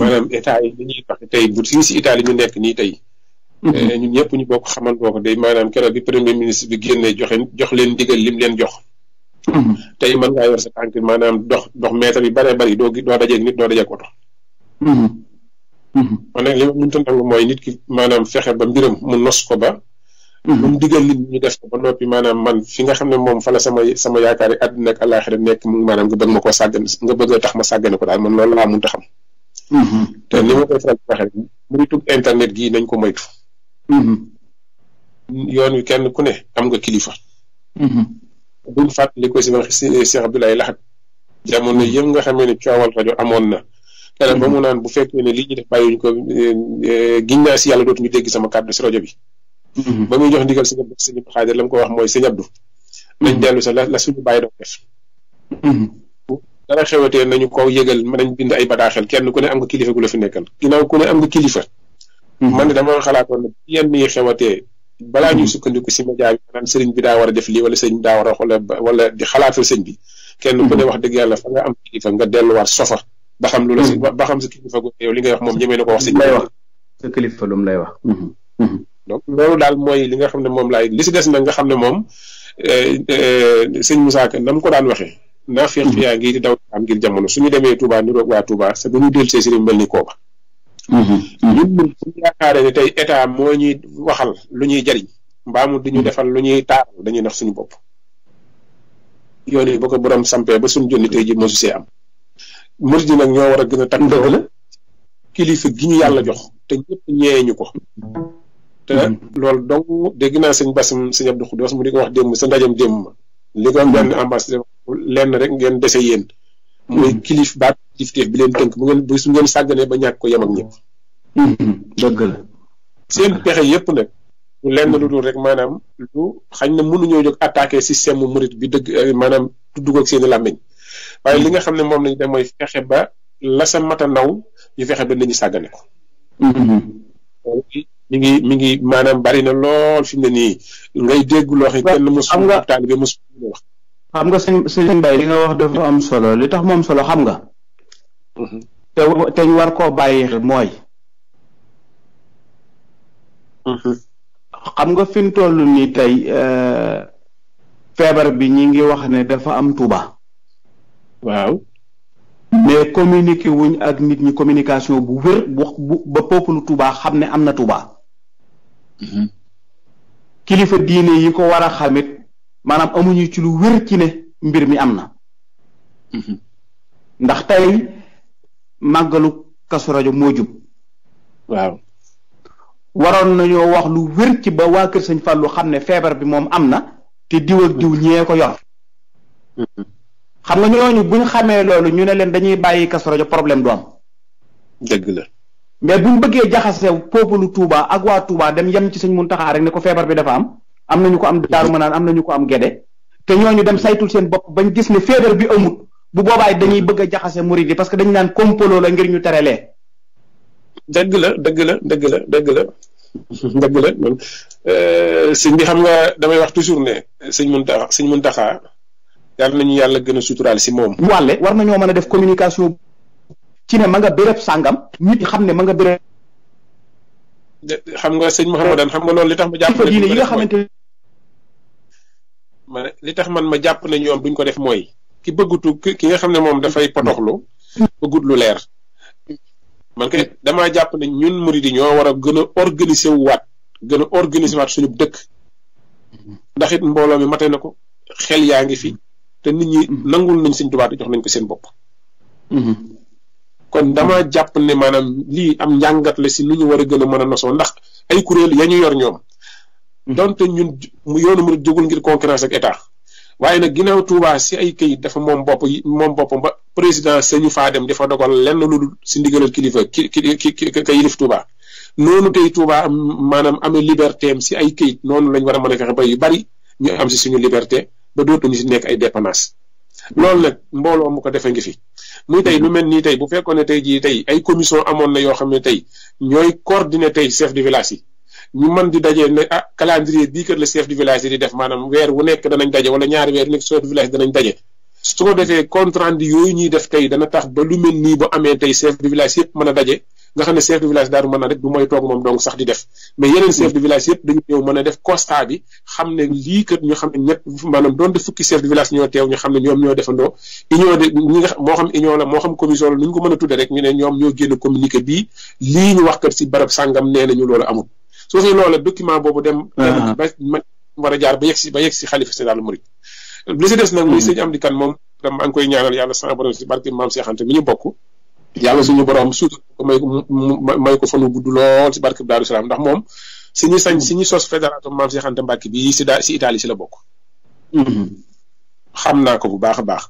maanaam état ni tey bu fii si Italie ñu nekk nii tey Eh, ñun ñëpp ñu bokk xamandoo ko day maanaam keroog bi premier ministre bi génnee joxe jox leen ndigal lim leen jox. Mm-hmm. tey mën ngaa yor sa tànk maanaam dox dox mètre yi bare bari doo doo dajeeg nit doo dajeeg oto. Mm-hmm. Mm-hmm. man nag li ma mënta mooy nit ki maanaam fexe ba mbiram mu nos ko ba. mu digal nit ñu def ko ba noppi maanaam man fi nga xam ne moom fa la sama sama yaakaari àddina a àllaaxira nekk maanaam nga bëgg ma koo sàggan nga bëgg a tax ma sàggane ko daal man loolu laa mënta xam. te ni ma koy faral internet gii nañ ko moytu. Mm-hmm. yoon wi kenn ku ne am nga kilifa. Mm-hmm. buñ fàttali ko si man Seex Abdoulaye Laxat jamono mm-hmm. yëpp nga xamee ne coowal rajo amoon na. keneen ba mu naan bu fekk ne lii ñu def bàyyiwuñ ko eh, eh, giñ naa si yàlla dootuñu dégg sama kàddu si rajo bi. ba muy jox ndigal sëñ Abdou sëñ Abdou Xaadir la mu ko wax mooy sëñ Abdou. nañ dellu sa la la suñu bàyyi doon def. dara xewatee nañu ko yëgal nañ bind ay bataaxel kenn ku ne am nga kilifa gu la fi nekkal ginnaaw am nga kilifa. Mm-hmm. man de dama xalaatoon ne yenn yi xewatee. balaa ñuy mm-hmm. sukkandiku si média bi sëriñ bi daa war a def li wala sëriñ bi daa war a xool wala di xalaatal sëñ bi. kenn ku ne mm-hmm. wax dëgg yàlla fa nga am kilifa nga delluwaat sofa. ba xam lu la si ba xam sa li ngay wax moom ñemee na ko wax. sëñ lay wax sa kilifa lay wax. donc loolu daal mooy li nga xam ne moom laay li si des nag nga xam ne moom eh, eh, sëñ Moussa Ka na ko daan waxee. naa feex yaa ngi di daw am ngir jamono suñu demee Touba niroog waa Touba sa bu ñu dellusee si mbal ni kooba Mm-hmm. Mm-hmm. ñun ñun bu yaakaaree ne tey état moo ñuy waxal lu ñuy jariñ mbaamu du ñu mm-hmm. defal lu ñuy taaral dañuy nax suñu bopp. yoon yi ba ko borom sampee ba suñu jonni tey ji mosu see am. murid yi nag ñoo war a gën a takk la kilifa gi ñu yàlla jox te ñeeñu ñee ñu ko. te loolu donc dégg naa sëñ Bassum sëñ Abdou Khoudoss mu di ko wax démb sa ndajem démb ma. li ko am benn lenn rek ngeen dese yéen. muy kilif baat kilifteef bi leen tënk bu ngeen bu su ngeen sàgganee ba ñàkk ko yem ak ñëpp dëgg la seen pexe yépp nag lu lenn lu dul rek maanaam lu xañ na mënu mënuñoo jóg attaqué système mu murit bi dëgg euh, maanaam tuddug ak seen làmmiñ waaye li nga xam ne moom lañ def mooy fexe ba la sa mata naw ñu fexe ba nit ñi sàggane ko mm-hmm. mi ngi mi ngi maanaam bari na lool fi mu ne nii ngay dégg loo xam ne kenn mosu taalibe mosu wax xam nga sëñ sëñ Baye li nga wax dafa am solo li tax moom solo xam nga. Mm-hmm. te war koo bàyyi xel mooy. Mm-hmm. xam nga fi mu toll nii tey euh, feebar bi ñi ngi wax ne dafa am Touba. waaw. mais communiqué wuñ ak nit ñi communication bu wér bu ba peuple Touba xam ne am na Touba. Mm-hmm. kilifa diine yi ko war xamit manam amuñu ci lu wër ci ne mbir mi amna mhm. ndax tay magalu kasu rajo mo jub waaw waron nañu wax lu wër ci ba wa kër sëñ fallu xamne ne bi mom amna te diw ak diw ñee ko yor mhm. xam nga ñu buñ xamé loolu ñu ne leen dañuy bayyi kasu rajo problème do am deug la mais buñ bëggee populu touba ak wa touba dem yam ci sëñ muntaxaa rek ne ko bi dafa am am na ñu ko am daaru ma naan am na ñu ko am gede te ñu dem saytul seen bopp bañ gis ne feebar bi amut bu boobaay dañuy bëgg a jaxase murid yi parce que dañ naan kompolo la ngir ñu terelee. dëgg la dëgg la dëgg la dëgg la euh, sëñ bi xam nga damay wax toujours ne sëñ Muntaxa sëñ Muntaxa yàlla nañu yàlla gën a suturaal si moom. wàlle war na ñoo mën a def communication ci ne ma nga béréb sàngam nit xam ne ma nga béréb. xam nga sëñ Mouhamadane xam nga loolu li tax ma jàpp ne. yi nga xamante ma li tax man ma japp na ñoom buñ ko def moy ki bëggutu ki nga xamne mom da fay potoxlu bëggut lu leer man kay dama japp na ñun mouride ñoo wara gëna organiser wat gëna organiser wat suñu dëkk ndax it mbolo mi maté nako xel yaangi fi te nit ñi mhm. nangul nañ sëñ tuba jox nañ ko seen bop mhm. kon dama japp ne manam li am njàngat la ci nu ñu war a gën a ndax ay ya yor ñoom Mhm. donte ñun yoonu mu jógul ngir concurrence ak état waaye nag ginnaaw Touba si ay këyit dafa moom bopp moom boppam ba président sañu faa dem dafa dogal lenn lu dul si ndigalal kilifa ki ki ki ka yilif Touba noonu tey Touba maanaam amee liberté si ay këyit noonu lañ war a mën a fexe ba yu bari ñu am si suñu liberté ba dootuñu si nekk ay dépendance loolu nag mbooloo mu ko defee ngi fi muy tey lu mel nii tey bu fekkoon ne tey jii tey ay commission amoon na yoo xam ne tey ñooy coordonné tey chef de village yi. ñu mën di dajé né ah calendrier bi kër le chef du village di def manam wër wu nekk danañ dajé wala ñaari wër nek chef du village danañ dajé su ko defee compte rendu yoy ñi def tay dana tax ba lu mel nii bu amé tay chef du village yépp mëna dajé nga xamné chef du village daaru mëna rek du moy tok mom donc sax di def mais yeneen chef du village yépp dañu ñëw mëna def constat bi xamné li lii ñu xamné ñet manam maanaam doon de fukki chef du village ñoo téw ñu xamné ñom ñoo defandoo union de ñi nga mo xam union la mo xam commission la ñu ko mëna a tudde rek ñu né ñom ñoo gënë communiquer bi li ñu wax kat ci barab sangam nee nañu loolu amul soo si loolee document boobu dem. dem ah, ah. ba man jaar ba yegg si ba yegg si xalifa général murid li si des nag muy hmm. sëñ Amdi Kan moom maa ngi koy ñaanal yàlla sama borom si barke maam Seex Anta mi ñu bokk. yàlla suñu borom suut may may ko fanu gudd lool si barke Daaru Salaam ndax moom si ñi sañ si ñi sos fédération maam Seex Anta Mbàkke bi si daa si Italie si la bokk. Hmm. xam naa ko bu baax a baax.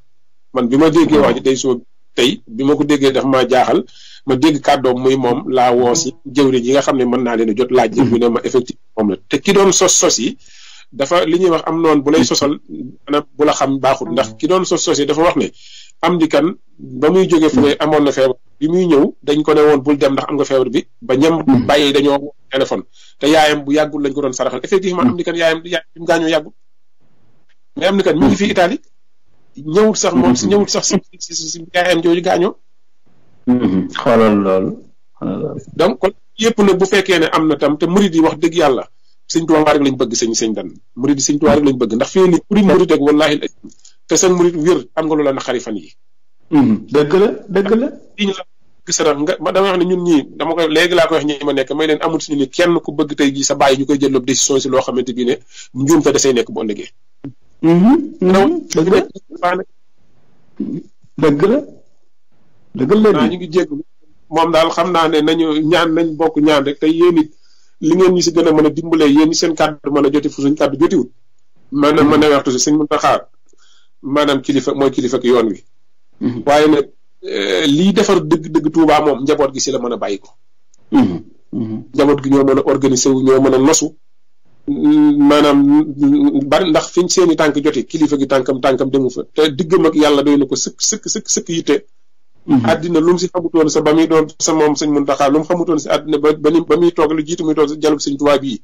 man bi ma déggee hmm. wax ji day soo tey bi ma ko déggee daf maa jaaxal. ma dégg kàddoom muy moom laa woo si jëwriñ yi nga xam ne mën naa leen jot laaj jëf ñu ne ma effectivement moom la te ki doon sos sos yi dafa li ñuy wax am noonu bu lay sosal maanaam bu la xam baaxul ndax ki doon sos sos yi dafa wax ne am di ba muy jógee amoon na feebar bi muy ñëw dañ ko ne woon bul dem ndax am nga feebar bi ba ñam bàyyi dañoo téléphone te yaayam bu yàggul lañ ko doon saraxal effectivement am di kan yaayam yaayam bi mu ngi fi Italie ñëwul sax moom si ñëwul sax si si si yaayam jooju gaañoo Mhm. xoolal loolu donc kon yépp nag bu fekkee ne am na tam te murid yi wax dëgg yàlla sëñ Tuubaa rek lañ bëgg sëñ sëñ dan murid yi sëñ Tuubaa rek lañ bëgg ndax fii nii murid murid ak wallaahi te seen murid wér am nga loola na xarifan yi mhm. dëgg la dëgg la diñ la gis nga ma dama wax ne ñun ñii dama koy léegi laa koy wax ñi ma nekk may leen amul suñu ni kenn ku bëgg tey jii sa bàyyi ñu koy jël lob décision si loo xamante bi ne njuum te dasay nekk bu ëllëgee mhm. dëgg la dëgg la ñu ngi jéggu moom daal xam naa ne nañu ñaan nañ bokk ñaan rek te yéen it li ngeen ñu si gën a mën a dimbalee yéen i seen kàddu mën a joti fu suñ kàddu jotiwut maanaam mën a waxtu si suñ mën a maanaam kilifa mooy kilifa ak yoon wi mm-hmm. waaye nag eh, lii defar dëgg dëgg moom njaboot gi si la mën a bàyyi ko mm-hmm. Mm-hmm. njaboot gi ñoo mën a organiser wu ñoo mën a nosu maanaam bari ndax fi seen i tànk joti kilifa gi tànkam tànkam demu fa te diggam ak yàlla doy na ko sëkk sëkk sëkk sëkk yitte adina mhm. lum ci si xamutoon sa ba muy doon sa mom señ Muntaxa lu mu xamutoon si àddina ba ba ba tok lu jitu mi tok ci jalub señ tuwa bi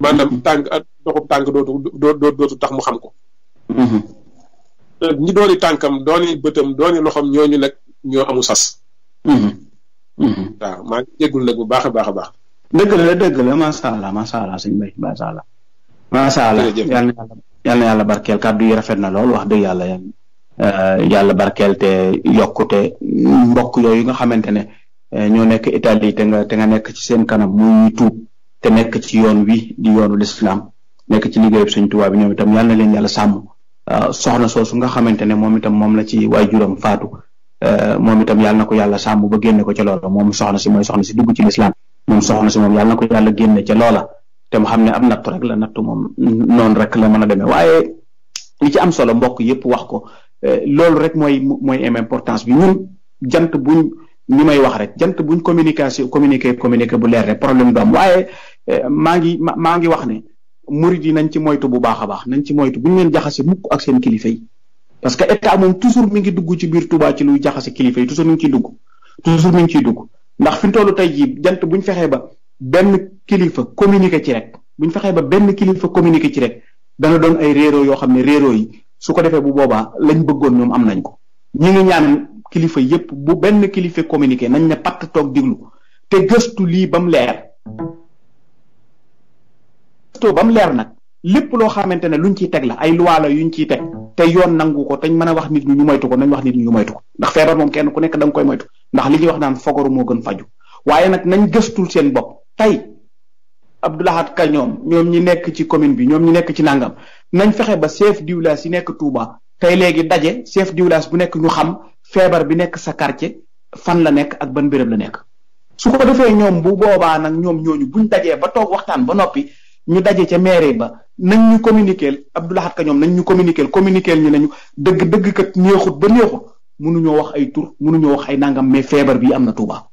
manam mhm. tànk ak doxub tànk do do do tax mu xam ko mhm. ñi doori tankam doori beutam doori loxam ñooñu nak ñoo amu sas hmm maa ma jéggul nak bu baax a baax a baax deug la dëgg la macha allah sha allah sëñ Mbay macha allah macha allah yal na yàlla yalla na yàlla barkeel yi rafet na lool wax dëgg yalla yalla Euh, yàlla barkeel te yokkute mbokk yooyu nga xamante ne euh, ñoo nekk Italie te nga te nga nekk ci seen kanam muy tu te nekk ci yoon wi di yoonu lislaam nekk ci liggéey Sëñ Tuubaa bi ñoom itam yal na leen yàlla sàmm euh, soxna soosu nga xamante ne moom itam moom la ci waajuram faatu moom itam yal na ko yàlla sàmm ba génne ko ca loola moom soxna si mooy soxna si dugg ci lislaam moom soxna si moom na ko yàlla génne ca loola te xam ne am nattu rek la nattu moom noonu rek la mën a demee waaye li ci am solo mbokk yëpp wax ko Eh, loolu rek mooy mooy am importance bi ñun jant buñ ni may wax rek jant buñ communication communiqué communiqué bu leer rek problème du am waaye eh, maa ngi maa ngi wax ne murid yi nañ ci moytu bu baax a baax nañ ci moytu buñ leen jaxasee mukk ak seen kilifa yi parce que état moom toujours mi ngi dugg ci biir Touba ci luy jaxase kilifa yi toujours mi ngi ciy dugg toujours mi ciy dugg ndax fi mu toll jii jant buñ fexee ba benn kilifa communiqué ci rek buñ fexee ba benn kilifa communiqué ci rek dana doon ay réero yoo xam ne réero yi su ko defee bu boobaa lañ bëggoon ñoom am nañ ko ñi ngi ñaan kilifa yépp bu benn kilifa communiqué nañ ne patt toog diglu te gëstu lii ba mu leer gëstoo ba mu leer nag lépp loo xamante ne luñ ciy teg la ay luwaala la yuñ ciy teg te yoon nangu ko teñ mën a wax nit ñi ñu moytu ko nañ wax nit ñi ñu moytu ko ndax feebar moom kenn ku nekk danga nga koy moytu ndax li ñu wax naan fogoru moo gën faju waaye nag nañ gëstul seen bopp tey Abdoulahat Ka ñoom ñoom ñi nekk ci commune bi ñoom ñi nekk ci nangam nañ fexe ba chef de village yi nekk Touba tey léegi daje chef de village bu nekk ñu xam feebar bi nekk sa quartier fan la nekk ak ban béréb la nekk. su ko defee ñoom bu boobaa nag ñoom ñooñu buñ dajee ba toog waxtaan ba noppi ñu daje ca mairie ba nañ ñu communiquer Abdoulahat Ka ñoom nañ ñu communiquer communiquer ñi nañu dëgg dëgg kat neexut ba neexut mënuñoo wax ay tur mënuñoo wax ay nangam mais feebar bi am na Touba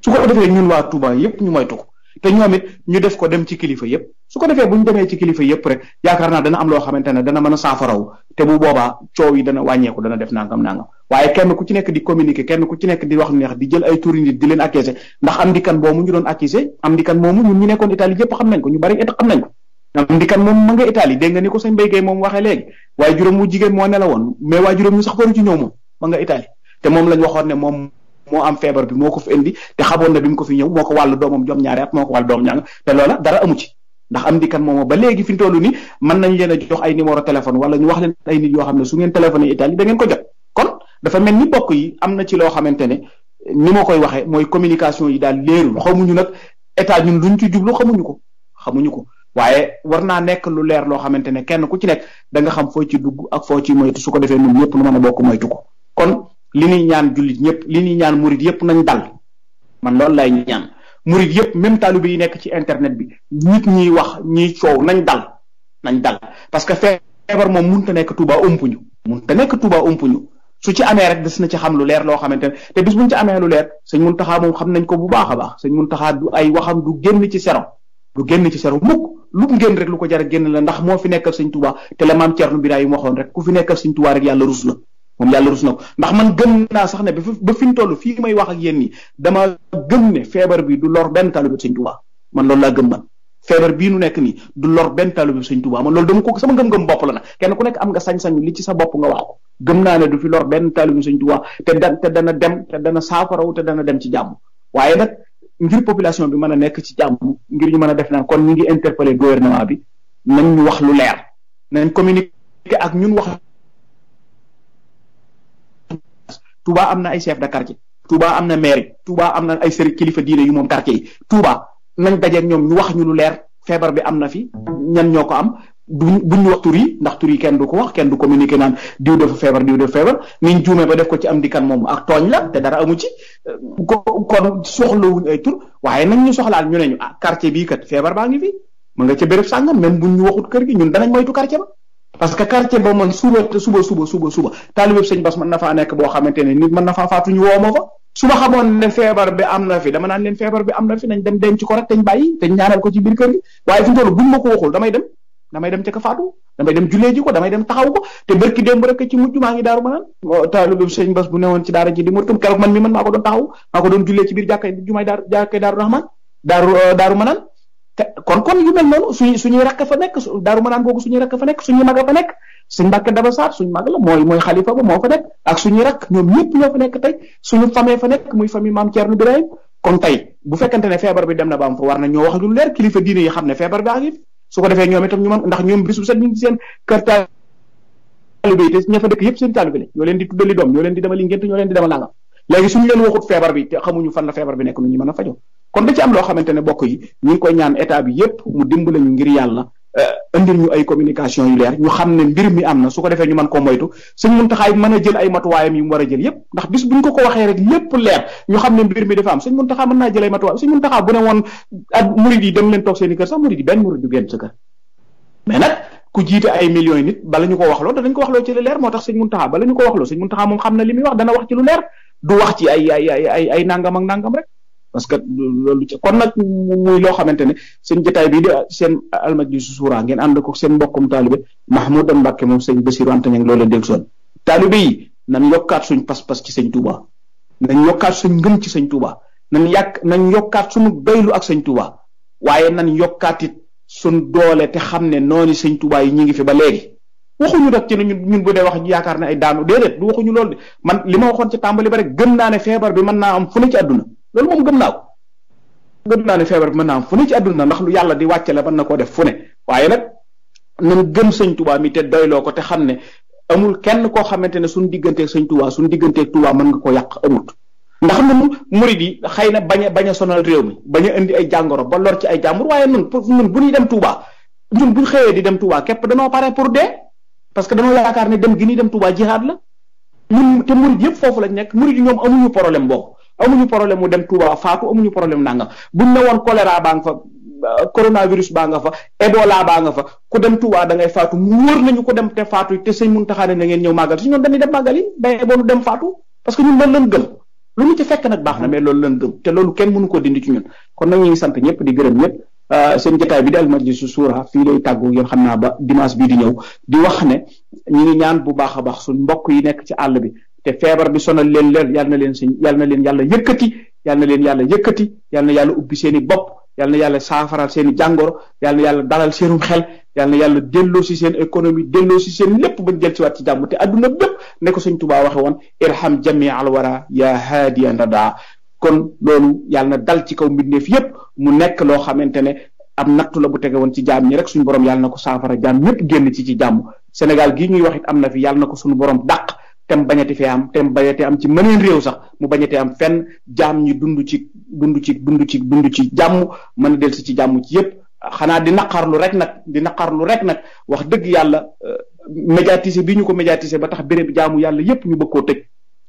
su ko defee ñun waa Touba yépp ñu moytu ko te ñoom ñu def ko dem ci kilifa yëpp su ko defee bu ñu demee ci kilifa yëpp rek yaakaar na dana am loo xamante ne dana mën a saafaraw te bu booba coow yi dana wàññeeku dana def nangam nangam waaye kenn ku ci nekk di communiquer kenn ku ci nekk di wax neex di jël ay turi nit di leen accuser ndax am di kan boobu ñu doon accuser am di kan moomu ñun ñu nekkoon Italie yëpp xam nañ ko ñu bari it xam nañ ko. am di kan moom ma nga moo ne sax baru ci waxoon ne moom moo am feebar bi moo ko fi indi te xamoon na bi ko fi ñëw moo ko wàllu doom jom ñaari at moo ko wàllu doom ñaar te loola dara amu ci ndax am di kan moomu ba léegi fi ñu toll nii mën nañ leen a jox ay numéro téléphone wala ñu wax leen ay nit yoo xam ne su ngeen téléphoné Italie ko jot kon dafa mel ni bokk yi am na ci loo xamante ne ni ma koy waxee mooy communication yi daal leerul xamuñu nag état ñun luñ ci jublu xamuñu ko xamuñu ko waaye war naa nekk lu leer loo xamante ne kenn ku ci nekk da nga xam foo ci dugg ak foo ci moytu su ko defee ñun ñëpp lu mën a bokk moytu ko li ñuy ñaan jullit ñëpp li ñuy ñaan murit yëpp nañ dal man loolu lay ñaan murit yëpp même taalibe yi nekk ci internet bi nit ñiy wax ñii coow nañ dal nañ dal parce que feebar moom munta nekk Touba umpuñu munta nekk tubaa umpuñu su ci amee rek des na ci xam lu leer loo xamante ne te bis buñ ci amee lu leer sëñ Muntaxa moom xam nañ ko bu baax a baax sëñ Muntaxa taxaa ay waxam du génn ci sero du génn ci sero mukk lu génn rek lu ko jar a génn la ndax moo fi nekk sëñ Touba te la maam Cerno ku fi nekkal sëñ rek yàlla rus la mom yalla rus nako ndax man gëm na sax ne ba fiñ tollu fi may wax ak yeen ni dama gëm ne feebar bi du lor ben taalibe seigne touba man loolu la gëm man feebar bi nu nek ni du lor ben taalibe seigne touba man loolu dama ko sama gëm-gëm bop la kenn ku nek am nga sañ-sañ li ci sa bop nga wax ko gëm na ne du fi lor ben taalibe seigne touba te dan te dana dem te dana wu te dana dem ci jamm waye nak ngir population bi mën nek ci jamm ngir ñu mën def naan kon ñi ngi interpeller gouvernement bi nañ ñu wax lu leer nañ communiquer ak ñun wax Touba amna ay chef de quartier Touba amna maire Touba amna ay sëriñ kilifa diine yu mom quartier Touba nañ dajé ñom ñu wax ñu lu leer fièvre bi amna fi ñan ñoko am duñ buñ wax turi ndax turi kenn du ko wax kenn du communiquer nan diw def fièvre diw def fièvre niñ juumee ba def ko ci am dikan mom ak togn la te dara amu ci ko soxlo wuñ ay tur waaye nañ ñu soxlaal ñu ne ah quartier bi kat fièvre ba ngi fi ma nga ca béréb sàngam même buñ ñu waxut kër gi ñun danañ moytu quartier ba parce que quartier ba man suba te suba suba suba suba taalibeb sëñ na faa nekk boo xamante ne nit mën na faa faatuñu woo ma fa su ne feebar bi am na fi dama naan leen feebar bi am na fi nañ dem denc ko rek te ñu bàyyi te dem damay dem ca faatu damay dem jullee ji damay dem taxaw ko te bërki démb rek ci mujj maa ngi daaru ma naan taalibeb sëñ Bass bu newoon a daara ji di murtum keroog man mi man maa ko taxaw maa ko doon jullee ci biir jàkka jumaay daaru jàkka daaru euh, kon kon yu mel noonu suñu suñuy rakk fa nekk daaru manaan googu fa nekk a fa nekk suñ mbàkke daba saar suñ mag la mooy mooy xalifa ba moo fa nekk ak suñuy rakk ñoom ñëpp ñoo fa nekk tey suñu fa nekk muy famille maam Thierno Birahim kon bu fekkante ne feebar bi dem na ba na ñoo wax lu leer kilifa xam ne feebar bi ak ko defee ñoom itam ñu mën ndax ñoom bis bu set ñu ngi seen kër taalibe seen taalibe la ñoo leen di tuddali doom ñoo leen di demali ngént ñoo leen di demal nangam léegi suñu leen waxut feebar bi te xamuñu fan la feebar bi nekk nu ñu mën a fajo kon da ci am lo xamantene ne bokk yi ñu ngi koy ñaan état bi yépp mu dimbale ñu ngir yàlla euh, indil ñu ay communication yu leer ñu xamne mbir mi amna, na su ko defee ñu man ko moytu suñu mun taxaay jël ay matuwaayam yi mu jël yépp ndax bis buñ ko ko waxé rek lépp leer ñu xamne mbir mi dafa am suñu mun taxaa mën jël ay matuwaay suñu mun taxaa bu ne won ak murid yi dem leen tok seen kër sax mouride yi benn murid du génn ci kër mais nak ku jité ay millions nit ba lañu ko waxloo danañ ko lo ci leer motax suñu ko wax lo suñu xam na wax dana wax ci lu leer du wax ci ay ay ay ay nangam ak nangam rek parce que loolu ci kon nag muy loo xamante ne seen jotaay bii di seen Almajlisu Zuura ngeen ànd ko seen mbokkum taalibe Mahmoudan Mbacke moom sëñ Basiru Anta Ñaŋ loolu del soon taalibe yi nañ yokkaat suñ pas-pas ci sëñ Tuuba nañ yokkaat suñ ngëm ci sëñ Tuuba nañ yàq nañ yokkaat suñu doylu ak sëñ Tuuba waaye nañ yokkaat it suñ doole te xam ne noonu sëñ Tuuba yi ñu ngi fi ba léegi waxuñu nag ci ne ñun ñun dee wax yaakaar ne ay daanu déedéet du waxuñu lool de man li ma waxoon ci tàmbali ba rek gëm naa ne feebar bi mën naa am fu ne ci loolu moom gëm naa ko gëm naa ne feebar bi mën naa am ci àdduna ndax lu yàlla di wàcce la mën na koo def fu ne waaye nag nan gëm sëñ tubaa mi te doyloo ko te xam ne amul kenn koo xamante ne suñ digganteeg sëñ tubaa suñ digganteeg tubaa mën nga koo yàq amut ndax nun murid yi xëy na bañ bañ sonal réew mi bañ indi ay jàngoro ba lor ci ay jàmbur waaye nun ñun bu ñuy dem tubaa ñun bu ñu xëyee di dem tubaa képp danoo pare pour dee parce que danoo yaakaar ne dem gi ñuy dem tubaa jihaad la ñun te murid yëpp foofu lañ nekk murid yi ñoom amuñu problème boobu amuñu problème mu dem Touba faatu amuñu problème nangam buñ ne woon choléra baa nga fa euh, coronavirus baa nga fa Ebola baa nga fa ku dem Touba da faatu mu wóor nañu ko dem te faatu te sëñ Muntaxa ne na ngeen ñëw màggal si ñoom dañuy dem màggal yi day boonu dem faatu parce que ñun loolu lañ gëm lu ñu ci fekk nag baax na mais loolu lañ gëm te loolu kenn mënu ko dindi ci ñun kon nag ñu ngi ñëpp di gërëm ñëpp Euh, seen jotaay bi di almajlisu suura fii lay tàggu yéen xam naa ba dimanche bii di ñëw di wax ne ñi ngi ñaan bu baax a baax suñ mbokk yi nekk ci àll bi te feebar bi sonal leen leen yal na leen seen yal na leen yàlla yëkkati yal na leen yàlla yëkkati yal na yàlla ubbi seen i bopp yal na yàlla saafaral seen i jàngoro yal na yàlla dalal seenum xel yal na yàlla delloo si seen économie delloo si seen lépp bañ jël si waat ci jàmm te adduna bépp ne ko sëñ Tuubaa waxe woon irham jami alwara ya haadiya ndadaa kon loolu yàlla na dal ci kaw mbindeef yépp mu nekk loo xamante ne am nattu la bu tege woon ci jaam ñi rek suñu borom yàlla na ko saafara jaam ñépp génn ci ci jàmm Sénégal gii ñuy wax it am na fi yàlla na ko suñu borom dàq tem bañati fee am tem bañati am ci mëneen réew sax mu bañati am fenn jaam ñi dund ci dundu ci dund ci dund ci jàmm mën a del si ci jàmm ci yépp xanaa di naqarlu rek nag di naqarlu rek nag wax dëgg yàlla euh, médiatiser bi ñu ko médiatiser ba tax béréb jaamu yàlla yépp ñu bëgg koo tëj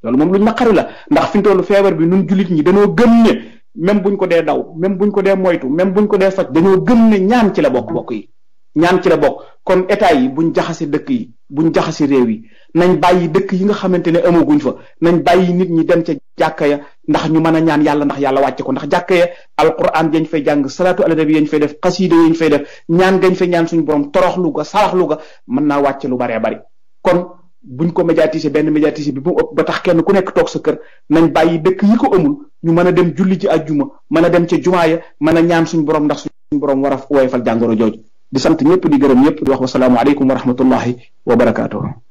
loolu moom luñ naqari la ndax fi mu toll feebar bi nun jullit ñi dañoo gëm ne même buñ ko dee daw même buñ ko dee moytu même buñ ko dee faj dañoo gëm ne ñaan ci la bokk bokk yi ñaan ci la bokk kon état yi buñ jaxasee dëkk yi buñ jaxase réew yi nañ bàyyi dëkk yi nga xamante ne amaguñ fa nañ bàyyi nit ñi dem ca jàkka ya ndax ñu mën a ñaan yàlla ndax yàlla wàcce ko ndax jàkka ya alquran yañ fay jàng salaatu ala nabi yañ fay def xasiida yañ fay def ñaan gañ fay ñaan suñu borom toroxlu ga saraxlu ga mën naa wàcce lu baree bari bu ñu ko médiatiser benn médiatiser bi ba mu ëpp ba tax kenn ku nekk toog sa kër nañ bàyyi dëkk yi ko amul ñu mën a dem julli ci àjjuma mën a dem ca jumaa ya mën a ñaan suñu borom ndax suñu borom wara a woyofal jàngoro jooju di sant ñëpp di gërëm ñëpp di wax wasalaamualeykum wa rahmatullahi wa barakaatuh